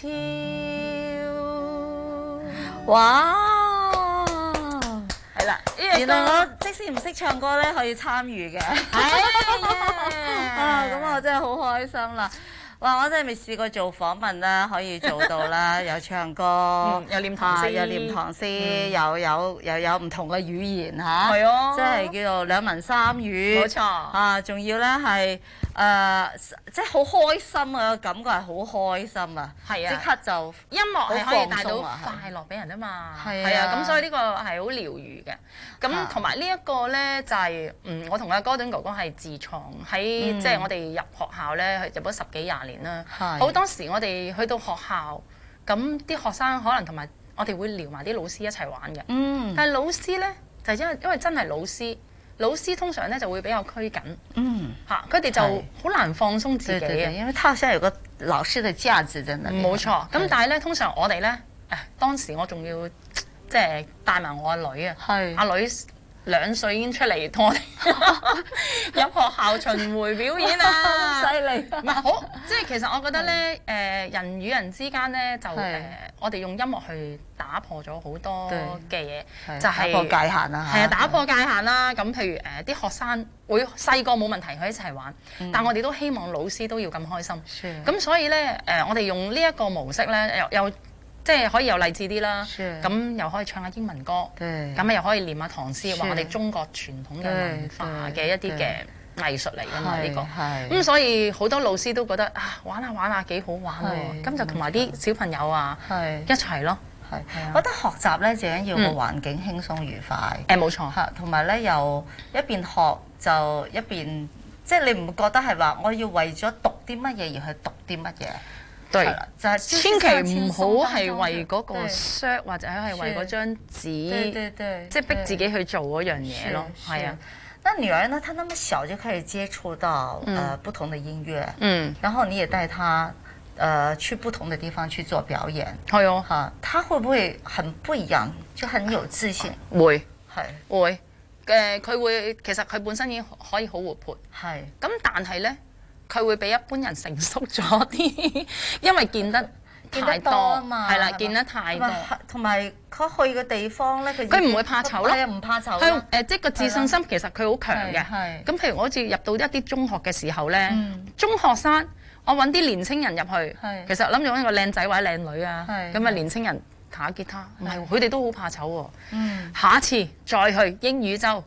超哇，係啦！原來我即使唔識唱歌咧，可以參與嘅，哎、呀 啊，咁我真係好開心啦！哇！我真係未試過做訪問啦，可以做到啦， 有唱歌，有念唐詩，有念唐詩，又、啊、有又、嗯、有唔同嘅語言吓，係哦，即係、啊、叫做兩文三語，冇、嗯、錯啊！仲要咧係誒，即係好開心啊！感覺係好開心啊，係啊，即刻就音樂係可以帶到快樂俾人啊嘛，係啊，咁、啊、所以呢個係好療愈嘅。咁同埋呢一個咧就係、嗯，我同阿哥頓哥哥係自創喺即係我哋入學校咧入咗十幾廿年。啦，是好，當時我哋去到學校，咁啲學生可能同埋我哋會聊埋啲老師一齊玩嘅。嗯、但係老師咧就因為因為真係老師，老師通常咧就會比較拘謹，嚇佢哋就好難放鬆自己嘅，因為他先，如果老師哋知下字真係冇錯，咁但係咧是通常我哋咧、哎，當時我仲要即係帶埋我阿女啊，阿是女。兩歲已經出嚟同我哋入學校巡迴表演啦，犀利！唔係好，即係其實我覺得咧，誒人與人之間咧就誒，我哋用音樂去打破咗好多嘅嘢，就係打破界限啦。係啊，打破界限啦。咁譬如誒啲學生會細個冇問題，佢一齊玩，但我哋都希望老師都要咁開心。咁所以咧，誒我哋用呢一個模式咧，又又～即係可以又勵志啲啦，咁是又可以唱下英文歌，咁對又可以唸下唐詩，話是我哋中國傳統嘅文化嘅一啲嘅藝術嚟㗎嘛呢個。咁所以好多老師都覺得玩啊，玩啊，玩下玩下幾好玩喎。咁對就同埋啲小朋友啊錯一齊咯。我覺得學習咧最緊要個環境輕鬆愉快。誒冇錯，同埋咧又一邊學就一邊，即、就、係、是、你唔覺得係話我要為咗讀啲乜嘢而去讀啲乜嘢？係對就係千祈唔好係為嗰個 shout 或者係為嗰張紙，即係逼自己去做嗰樣嘢咯。係啊，是是那女兒呢？嗯、她那麼小就開始接觸到誒、嗯呃、不同的音樂，嗯，然後你也帶她誒、呃、去不同的地方去做表演，係哦、嗯，嚇，她會不會很不一樣？就很有自信？會係是會誒，佢、呃、會其實佢本身已經可以好活潑，係是。咁但係呢。佢會比一般人成熟咗啲，因為見得太多，係啦，見得太多。同埋佢去嘅地方咧，佢佢唔會怕醜咯，唔怕醜。向誒，即係個自信心其實佢好強嘅。咁譬如我好似入到一啲中學嘅時候咧，中學生我揾啲年青人入去，其實諗住揾個靚仔或者靚女啊，咁啊年青人彈下吉他，唔係佢哋都好怕醜喎。下一次再去英語周，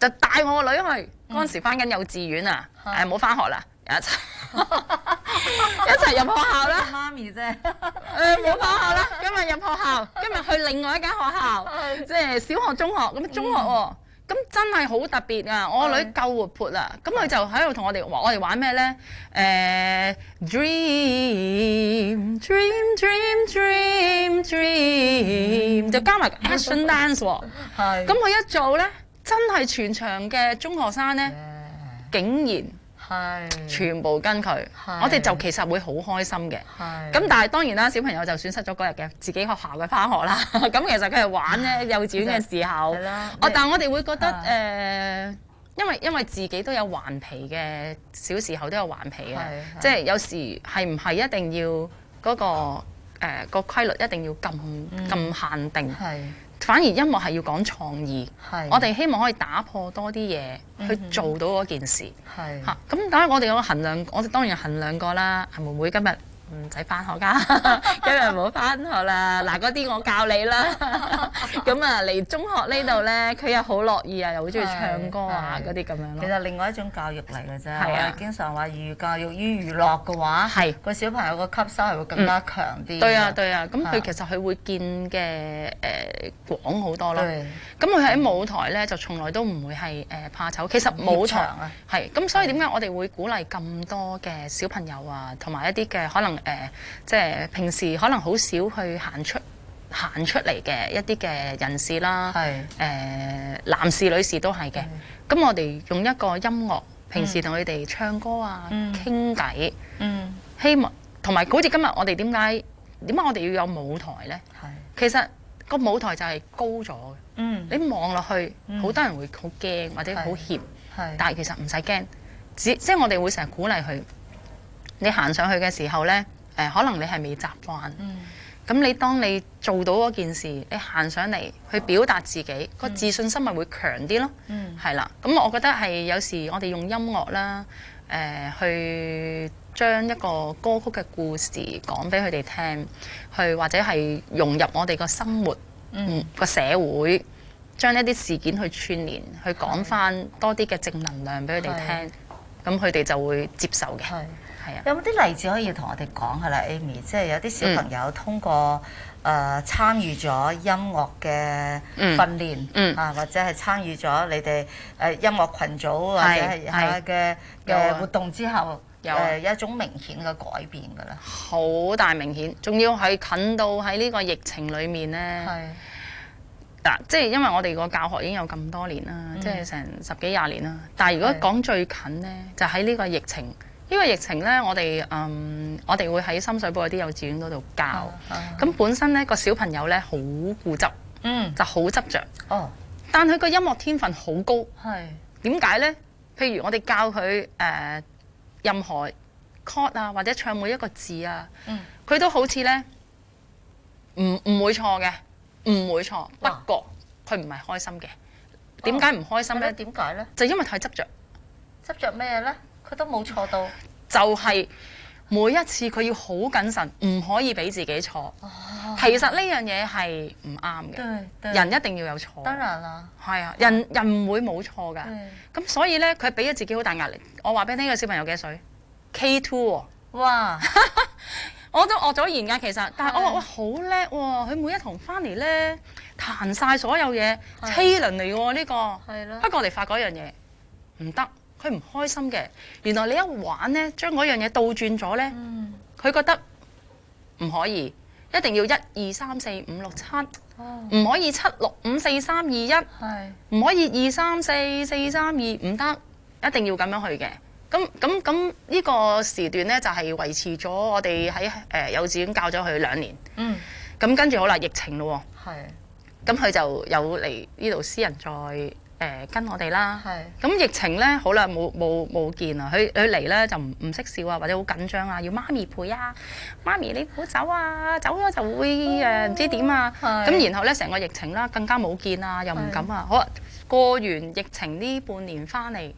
就帶我個女去，嗰陣時翻緊幼稚園啊，誒冇翻學啦。 一齊，一齊入學校啦！我媽咪啫，誒 冇、呃、學校啦！今日入學校，今日去另外一間學校，即係 的小學、中學咁中學喎。咁、嗯哦、真係好特別啊！我個女夠活潑啦、啊，咁佢的、嗯、就喺度同我哋話，我哋玩咩咧？誒、欸、dream，dream，dream，dream，dream，Dream, Dream、嗯、就加埋 action dance 喎。咁佢一做咧，真係全場嘅中學生咧，Yeah 竟然～係，是全部跟佢，是我哋就其實會好開心嘅。係咁是，但係當然啦，小朋友就損失咗嗰日嘅自己學校嘅返學啦。咁 其實佢係玩咧幼稚園嘅時候，哦，的但係我哋會覺得誒的、呃，因為因為自己都有頑皮嘅，小時候都有頑皮嘅，的即係有時係唔係一定要嗰、那個誒的、呃那個規律一定要咁咁、嗯、限定？係。反而音樂係要講創意，是的 我哋希望可以打破多啲嘢、嗯、哼 去做到嗰件事，嚇咁是的、啊。當然我哋有個衡量，我哋當然衡量過啦。阿妹妹今日。唔使翻學㗎，今日唔好翻學啦。嗱，嗰啲我教你啦。咁啊，嚟中學呢度咧，佢又好樂意啊，又好中意唱歌啊，嗰啲咁樣咯。其實另外一種教育嚟嘅啫。係啊。經常話寓教育於娛樂嘅話，係個小朋友個吸收係會更加強啲。對啊對啊，咁佢其實佢會見嘅誒廣好多咯。咁佢喺舞台咧就從來都唔會係誒怕醜，其實冇怯場啊。係，咁所以點解我哋會鼓勵咁多嘅小朋友啊，同埋一啲嘅可能。誒、呃，即係平時可能好少去行出行出嚟嘅一啲嘅人士啦，係誒是、呃、男士女士都係嘅。咁是我哋用一個音樂，平時同佢哋唱歌啊，傾偈，希望同埋好似今日我哋點解點解我哋要有舞台咧？係是其實個舞台就係高咗嘅，嗯、你望落去好、嗯、多人會好驚或者好怯，係是，但係其實唔使驚，只即係我哋會成日鼓勵佢。你行上去嘅時候呢，誒、呃、可能你係未習慣，咁、嗯、你當你做到嗰件事，你行上嚟去表達自己、嗯、個自信心，咪會強啲咯，係啦、嗯。咁我覺得係有時我哋用音樂啦，呃、去將一個歌曲嘅故事講俾佢哋聽，去或者係融入我哋個生活、嗯嗯這個社會，將一啲事件去串聯，去講翻多啲嘅正能量俾佢哋聽，咁佢哋就會接受嘅。啊、有冇啲例子可以同我哋講下啦，Amy？即係有啲小朋友通過誒、嗯呃、參與咗音樂嘅訓練啊，嗯嗯、或者係參與咗你哋誒、呃、音樂群組或者係係嘅嘅活動之後，誒、啊呃、一種明顯嘅改變㗎啦。好大明顯，仲要係近到喺呢個疫情裡面咧。嗱是，即係因為我哋個教學已經有咁多年啦，即係成十幾廿年啦。但係如果講最近咧，是就喺呢個疫情。呢個疫情咧，我哋嗯，我哋會喺深水埗嗰啲幼稚園嗰度教。咁、啊啊、本身咧、個小朋友咧好固執，嗯，就好執着。哦，但佢個音樂天分好高。係是。點解咧？譬如我哋教佢誒、呃、任何 chord 啊，或者唱每一個字啊，佢、嗯、都好似咧唔唔會錯嘅，唔會錯。哇不過佢唔係開心嘅。點解唔開心咧？點解咧？呢就因為太執着。執着咩咧？佢都冇錯到，就係每一次佢要好謹慎，唔可以俾自己錯。哦、其實呢樣嘢係唔啱嘅，人一定要有錯。當然啦，係啊，人人唔會冇錯噶。咁對所以呢，佢俾咗自己好大壓力。我話俾你聽，呢個小朋友幾歲？K two 喎、哦，哇！ 我都愕咗言噶，其實，但係我話哇好叻喎，佢是每一堂翻嚟呢，彈晒所有嘢，超人嚟喎呢個。係啦的。不過我哋發覺一樣嘢唔得。不佢唔開心嘅，原來你一玩呢，將嗰樣嘢倒轉咗呢，佢、嗯、覺得唔可以，一定要一二三四五六七，唔可以七六五四三二一，唔可以二三四四三二，唔得，一定要咁樣去嘅。咁咁咁呢個時段呢，就係、是、維持咗我哋喺誒幼稚園教咗佢兩年。嗯，咁跟住好啦，疫情咯，係是，咁佢就有嚟呢度私人再。呃、跟我哋啦，咁係疫情咧好啦，冇冇冇見啦，佢佢嚟咧就唔唔識笑啊，或者好緊張啊，要媽咪陪啊，媽咪你唔好走啊，走咗就會哦、唔知點啊，咁係然後咧成個疫情啦，更加冇見呀，又唔敢啊，係好啊，過完疫情呢半年翻嚟，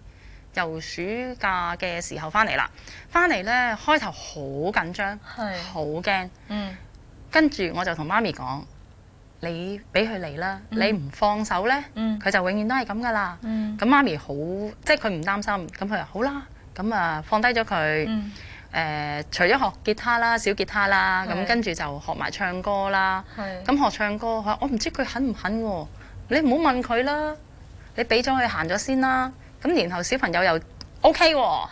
由暑假嘅時候翻嚟啦，翻嚟咧開頭好緊張，好驚係，怕嗯、跟住我就同媽咪講。你俾佢嚟啦，嗯、你唔放手咧，佢、嗯、就永遠都係咁噶啦。咁媽咪好，即係佢唔擔心。咁佢話好啦，咁啊放低咗佢。誒，除咗學吉他啦，小吉他啦，咁是跟住就學埋唱歌啦。咁是學唱歌，我我唔知佢肯唔肯喎、哦。你唔好問佢啦，你俾咗佢行咗先啦。咁然後小朋友又 OK 喎、哦，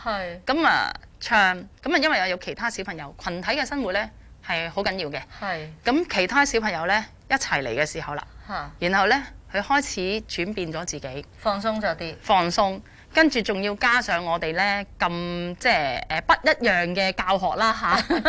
咁是啊唱，咁啊因為又有其他小朋友群體嘅生活咧。係好緊要嘅，咁是其他小朋友呢一齊嚟嘅時候啦，是然後呢佢開始轉變咗自己，放鬆咗啲，放鬆。跟住仲要加上我哋咧咁即係、呃、不一樣嘅教學啦嚇，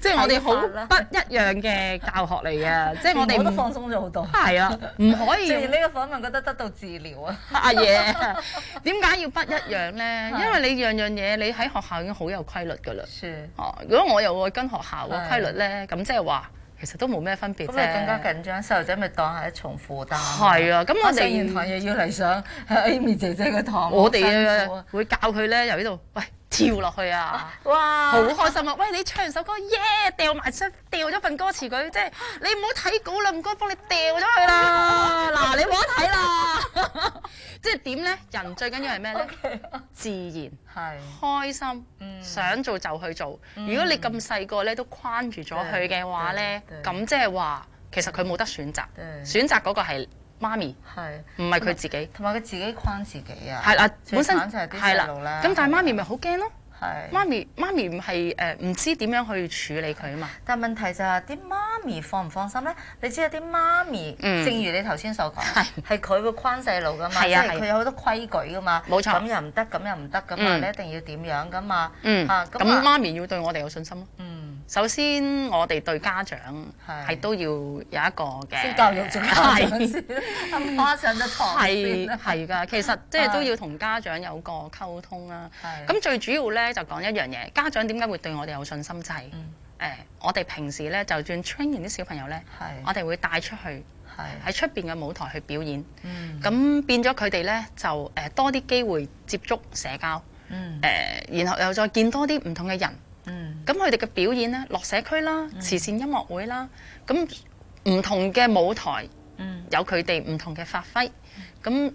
即、啊、係 我哋好不一樣嘅教學嚟嘅， 即係我哋。我都放鬆咗好多。係呀、啊，唔可以。做完呢個訪問覺得得到治療啊！阿爺 呀、啊，點解要不一樣咧？因為你樣樣嘢你喺學校已經好有規律㗎啦。哦是、啊，如果我又會跟學校個規律咧，咁即係話。其實都冇咩分別啫，咁咪更加緊張，細路仔咪當係一重負擔。係啊，咁我哋然場亦要嚟上 Amy 姐姐嘅堂，我哋啊會教佢咧由呢度，喂。跳落去啊！哇，好開心啊！喂，你唱首歌，耶，掉埋出，掉咗份歌詞佢，即係你唔好睇稿啦，唔該幫你掉咗佢啦。嗱，你唔好睇啦。即係點咧？人最緊要係咩咧？自然係開心，想做就去做。如果你咁細個咧都框住咗佢嘅話咧，咁即係話其實佢冇得選擇，選擇嗰個係。媽咪，唔係佢自己，同埋佢自己框自己啊，係啦的，本身就係啦，咁的但係媽咪咪好驚咯。係，媽咪媽咪唔係誒，唔知點樣去處理佢啊嘛。但問題就係啲媽咪放唔放心咧？你知有啲媽咪，正如你頭先所講，係佢會框細路㗎嘛，即係佢有好多規矩㗎嘛。冇錯。咁又唔得，咁又唔得，㗎嘛，你一定要點樣㗎嘛？嗯。咁媽咪要對我哋有信心咯。首先，我哋對家長係都要有一個嘅教育。係。家長係㗎，其實即係都要同家長有個溝通啦。係。咁最主要咧。就講一樣嘢，家長點解會對我哋有信心？就係、是嗯呃、我哋平時咧，就算 training 啲小朋友咧，是我哋會帶出去喺出是面嘅舞台去表演。咁、嗯、變咗佢哋咧，就、呃、多啲機會接觸社交，嗯呃、然後又再見多啲唔同嘅人。咁佢哋嘅表演咧，落社區啦、嗯、慈善音樂會啦，咁唔同嘅舞台、嗯、有佢哋唔同嘅發揮。咁、嗯、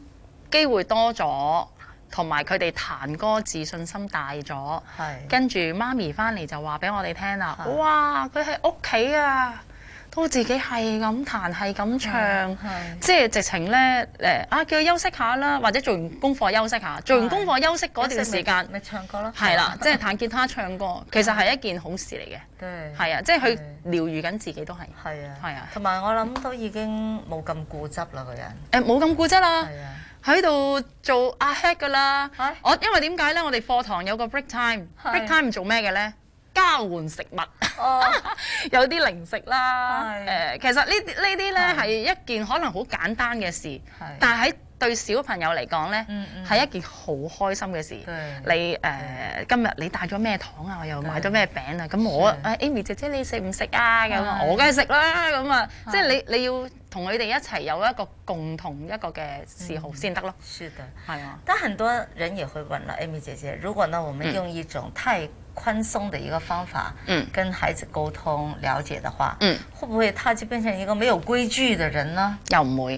機會多咗。同埋佢哋彈歌自信心大咗，跟住媽咪翻嚟就話俾我哋聽啦，哇！佢喺屋企啊，都自己係咁彈係咁唱，即係直情咧誒啊叫佢休息下啦，或者做完功課休息下，做完功課休息嗰段時間咪唱歌咯，係啦，即係彈吉他唱歌，其實係一件好事嚟嘅，係啊，即係佢療愈緊自己都係，係啊，係啊，同埋我諗都已經冇咁固執啦個人，誒冇咁固執啦。喺度做阿 head 噶啦，我因為點解咧？我哋課堂有個 break time，break 是 time 做咩嘅咧？交換食物，有啲零食啦。誒，其實呢啲呢啲咧係一件可能好簡單嘅事，但係喺對小朋友嚟講咧，係一件好開心嘅事。你誒今日你帶咗咩糖啊？又買咗咩餅啊？咁我 Amy 姐姐你食唔食啊？咁我梗係食啦。咁啊，即係你你要同佢哋一齊有一個共同一個嘅嗜好先得咯。是的，係啊。但係很多人也會問啦，Amy 姐姐，如果呢，我們用一種太寬鬆的一個方法，嗯，跟孩子溝通了解的話，嗯，會不會他就變成一個沒有規矩的人呢？又唔會，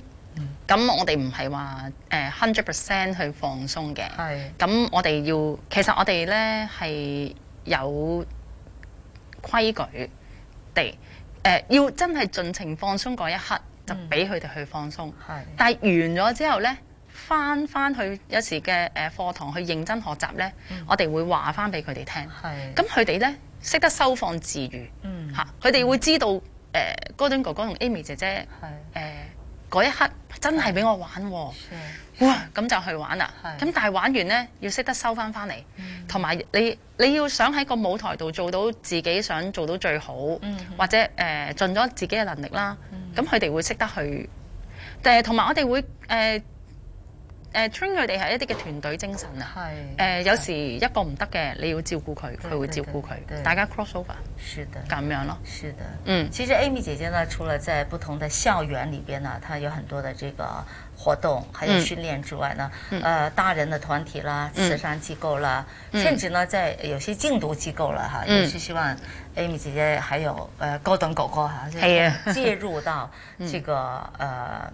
咁、嗯、我哋唔係話誒 hundred percent 去放鬆嘅，係是，咁我哋要，其實我哋咧係有規矩的，地、呃，誒要真係盡情放鬆嗰一刻，嗯、就俾佢哋去放鬆，係是，但係完咗之後咧。翻翻去有時嘅誒課堂去認真學習咧，我哋會話翻俾佢哋聽。係咁，佢哋咧識得收放自如。嗯，嚇，佢哋會知道誒，高登哥哥同 Amy 姐姐誒嗰一刻真係俾我玩哇！咁就去玩啦。咁，但係玩完咧要識得收翻翻嚟，同埋你你要想喺個舞台度做到自己想做到最好，或者誒盡咗自己嘅能力啦。咁佢哋會識得去誒，同埋我哋會誒。誒 train 佢哋係一啲嘅團隊精神啊，誒有時一個唔得嘅，你要照顧佢，佢會照顧佢，大家 cross over 咁樣咯。是的，嗯，其實 Amy 姐姐呢，除了在不同的校園裏面，呢，她有很多的這個活動，還有訓練之外呢，呃，大人的團體啦，慈善機構啦，甚至呢在有些禁毒機構啦，哈，也是希望 Amy 姐姐還有呃高登狗狗啊，介入到這個呃。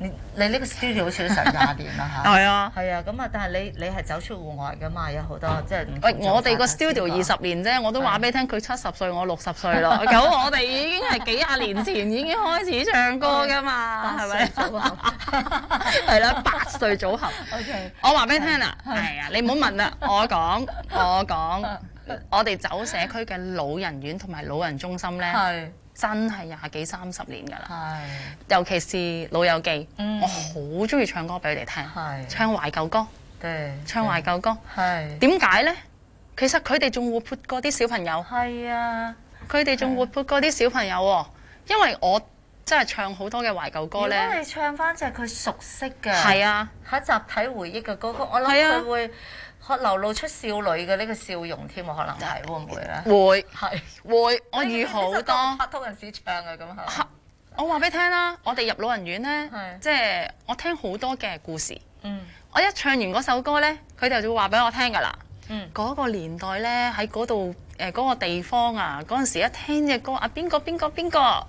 你你呢個 studio 好似十廿年啦嚇，係啊，係啊，咁啊但係你你係走出戶外嘅嘛，有好多即係唔。喂，我哋個 studio 二十年啫，我都話俾你聽，佢七十歲，我六十歲咯。咁我哋已經係幾廿年前已經開始唱歌嘅嘛，係咪？係啦，八歲組合。OK。我話俾你聽啦，係啊，你唔好問啦，我講我講，我哋走社區嘅老人院同埋老人中心咧。係。真係廿幾三十年噶啦，尤其是老友記，嗯、我好中意唱歌俾佢哋聽，是的 唱懷舊歌，對 唱懷舊歌，點解呢？其實佢哋仲活潑過啲小朋友，係啊，佢哋仲活潑過啲小朋友喎，哦，因為我真係唱好多嘅懷舊歌咧。如果你唱翻隻佢熟悉嘅，係啊，喺集體回憶嘅歌曲，是的 我諗佢會。流露出少女嘅呢個笑容添喎，可能係會唔會咧？會係是會，是會，我遇好多拍通人士唱啊咁嚇。我話俾你聽啦，我哋入老人院咧，即係是我聽好多嘅故事。嗯，我一唱完嗰首歌咧，佢哋就會話俾我聽㗎啦。嗯，嗰個年代咧，喺嗰度誒嗰個地方啊，嗰陣時一聽隻歌啊，邊個邊個邊個啊，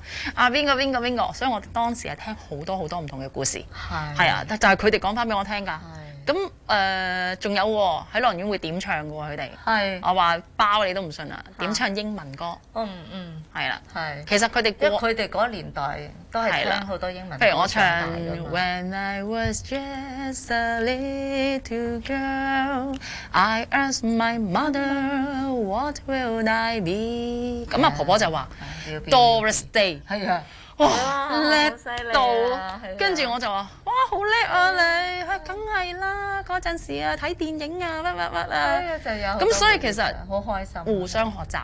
邊個邊個邊個，所以我當時係聽好多好多唔同嘅故事。係是，係啊，就係佢哋講返俾我聽㗎。咁誒，仲、呃、有喺、哦、樂園會點唱喎，佢哋。是我話包你都唔信啊，點唱英文歌？嗯、啊、嗯。係、嗯、啦。係的。的其實佢哋，佢哋嗰年代都係好多英文歌的譬如我唱。When I, girl, When I was just a little girl, I asked my mother, What will I be？咁阿的婆婆就話 Doris Day 啊。哇，叻到，跟住我就話，哇，好叻啊你，梗係啦，嗰陣時啊睇電影啊，乜乜乜啊，咁所以其實好開心互相學習，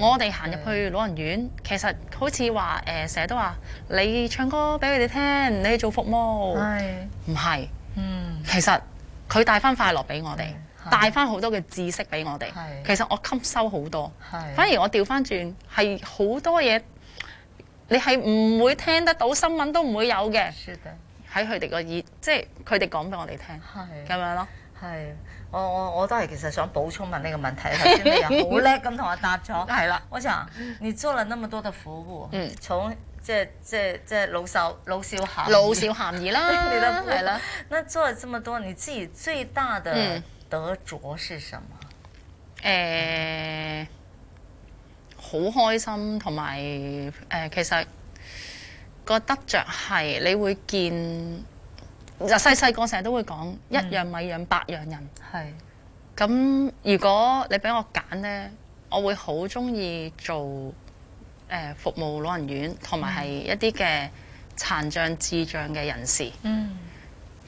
我哋行入去老人院，其實好似話誒，成日都話你唱歌俾佢哋聽，你做服務，唔係，嗯，其實佢帶翻快樂俾我哋，帶翻好多嘅知識俾我哋，其實我吸收好多，反而我調翻轉係好多嘢。你係唔會聽得到新聞都唔會有嘅，喺佢哋個意，即係佢哋講俾我哋聽，咁的樣咯。係，我我我都係其實想補充問呢個問題，頭先你又好叻咁同我答咗。係啦 了，我想你做了那麼多的服務，嗯、從即係即係即係老少老少咸老少咸宜啦，你都係啦。 那做了這麼多，你自己最大的得着是什麼，嗯欸好開心，同埋誒，其實覺得着係你會見，就細細個成日都會講、嗯、一樣米養百樣人，係是。咁如果你俾我揀呢，我會好鍾意做誒、呃、服務老人院，同埋係一啲嘅殘障、智障嘅人士，嗯，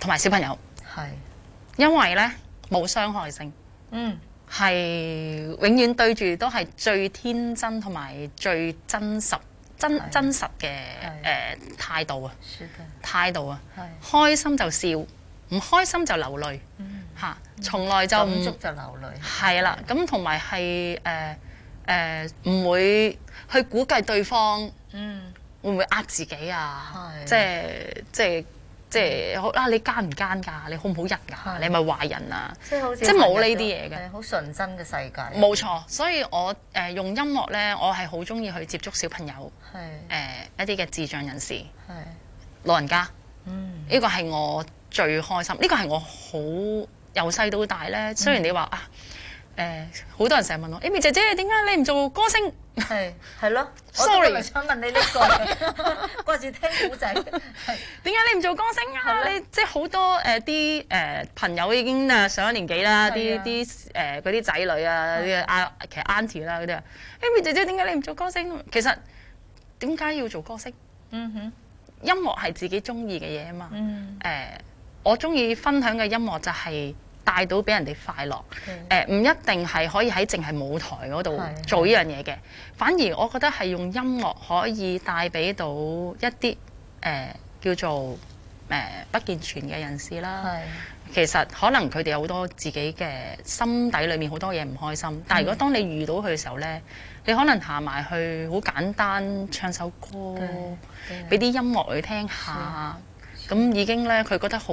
同埋小朋友，係是，因為呢冇傷害性，嗯。係永遠對住都係最天真同埋最真實真的真實嘅誒態度啊的態度啊的，開心就笑，唔開心就流淚嚇。嗯、從來就唔足就流淚係啦。咁同埋係誒誒唔會去估計對方、嗯、會唔會呃自己啊，的即係即係。即係好啊！你奸唔奸㗎？你好唔好人㗎？的你咪壞人啊！好即係冇呢啲嘢嘅，好純真嘅世界。冇錯，所以我、呃、用音樂咧，我係好中意去接觸小朋友，的呃、一啲嘅智障人士，的老人家。嗯，呢個係我最開心，這個、呢個係我好由細到大咧。雖然你話啊～、嗯誒，好、呃、多人成日問我，Amy 姐姐點解你唔做歌星？係係咯，sorry，我想問你呢、這、句、個？掛住 聽古仔，點解你唔做歌星啊？的你即係好多誒啲誒朋友已經啊上咗年紀啦，啲啲誒嗰啲仔女啊，啲阿的其實 auntie 啦嗰啲啊，Amy 姐姐點解你唔做歌星？其實點解要做歌星？嗯哼、mm，hmm. 音樂係自己中意嘅嘢啊嘛。嗯、mm hmm. 呃，我中意分享嘅音樂就係、是。帶到俾人哋快樂，誒唔的、呃、一定係可以喺淨係舞台嗰度做呢樣嘢嘅，的反而我覺得係用音樂可以帶俾到一啲、呃、叫做、呃、不健全嘅人士啦。的其實可能佢哋有好多自己嘅心底裏面好多嘢唔開心，的但係如果當你遇到佢嘅時候呢，的你可能行埋去好簡單唱首歌，俾啲的音樂佢聽一下，咁已經呢，佢覺得好。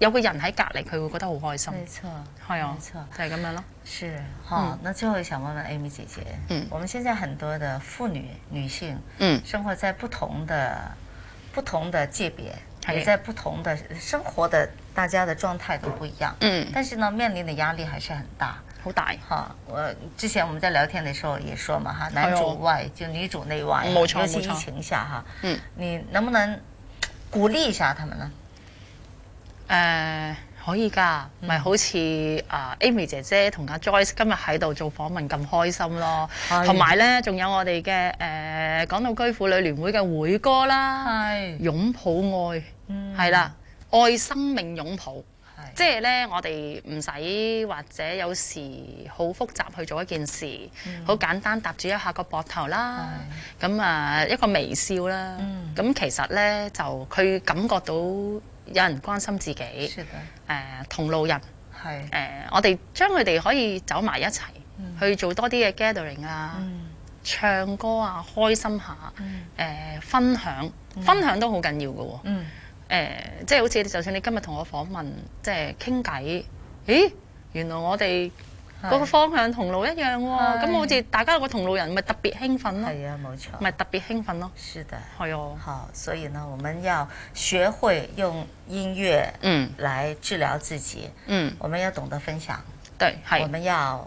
有個人喺隔離，佢會覺得好開心。沒錯，係啊，沒錯，就係咁樣咯。是，哈，那最後想問問 Amy 姐姐，嗯，我們現在很多的婦女女性，嗯，生活在不同的不同的界別，也在不同的生活的大家的狀態都不一樣，嗯，但是呢，面臨的壓力還是很大，好大，哈。我之前我們在聊天的時候也說嘛，哈，男主外就女主內外，尤其疫情下，哈，嗯，你能不能鼓勵一下他們呢？誒、呃，可以噶，咪、嗯、好似啊 Amy 姐姐同阿 Joyce 今日喺度做訪問咁開心咯，同埋是呢，仲有我哋嘅誒，港島居婦女聯會嘅會歌啦，擁是抱愛係啦、嗯，愛生命擁抱。即係咧，我哋唔使或者有時好複雜去做一件事，好簡單搭住一下個膊頭啦。咁啊，一個微笑啦。咁其實咧，就佢感覺到有人關心自己。誒，同路人。誒，我哋將佢哋可以走埋一齊，去做多啲嘅 gathering 啊，唱歌啊，開心下。誒，分享，分享都好緊要嘅喎。誒、呃，即係好似就算你今日同我訪問，即係傾偈，咦，原來我哋嗰個方向同路一樣喎、哦，咁是好似大家有個同路人，咪特別興奮咯，係啊，冇錯，咪特別興奮咯。是的，係啊、哦。好，所以呢，我們要學會用音樂嗯來治療自己嗯，我們要懂得分享對，係，我們要。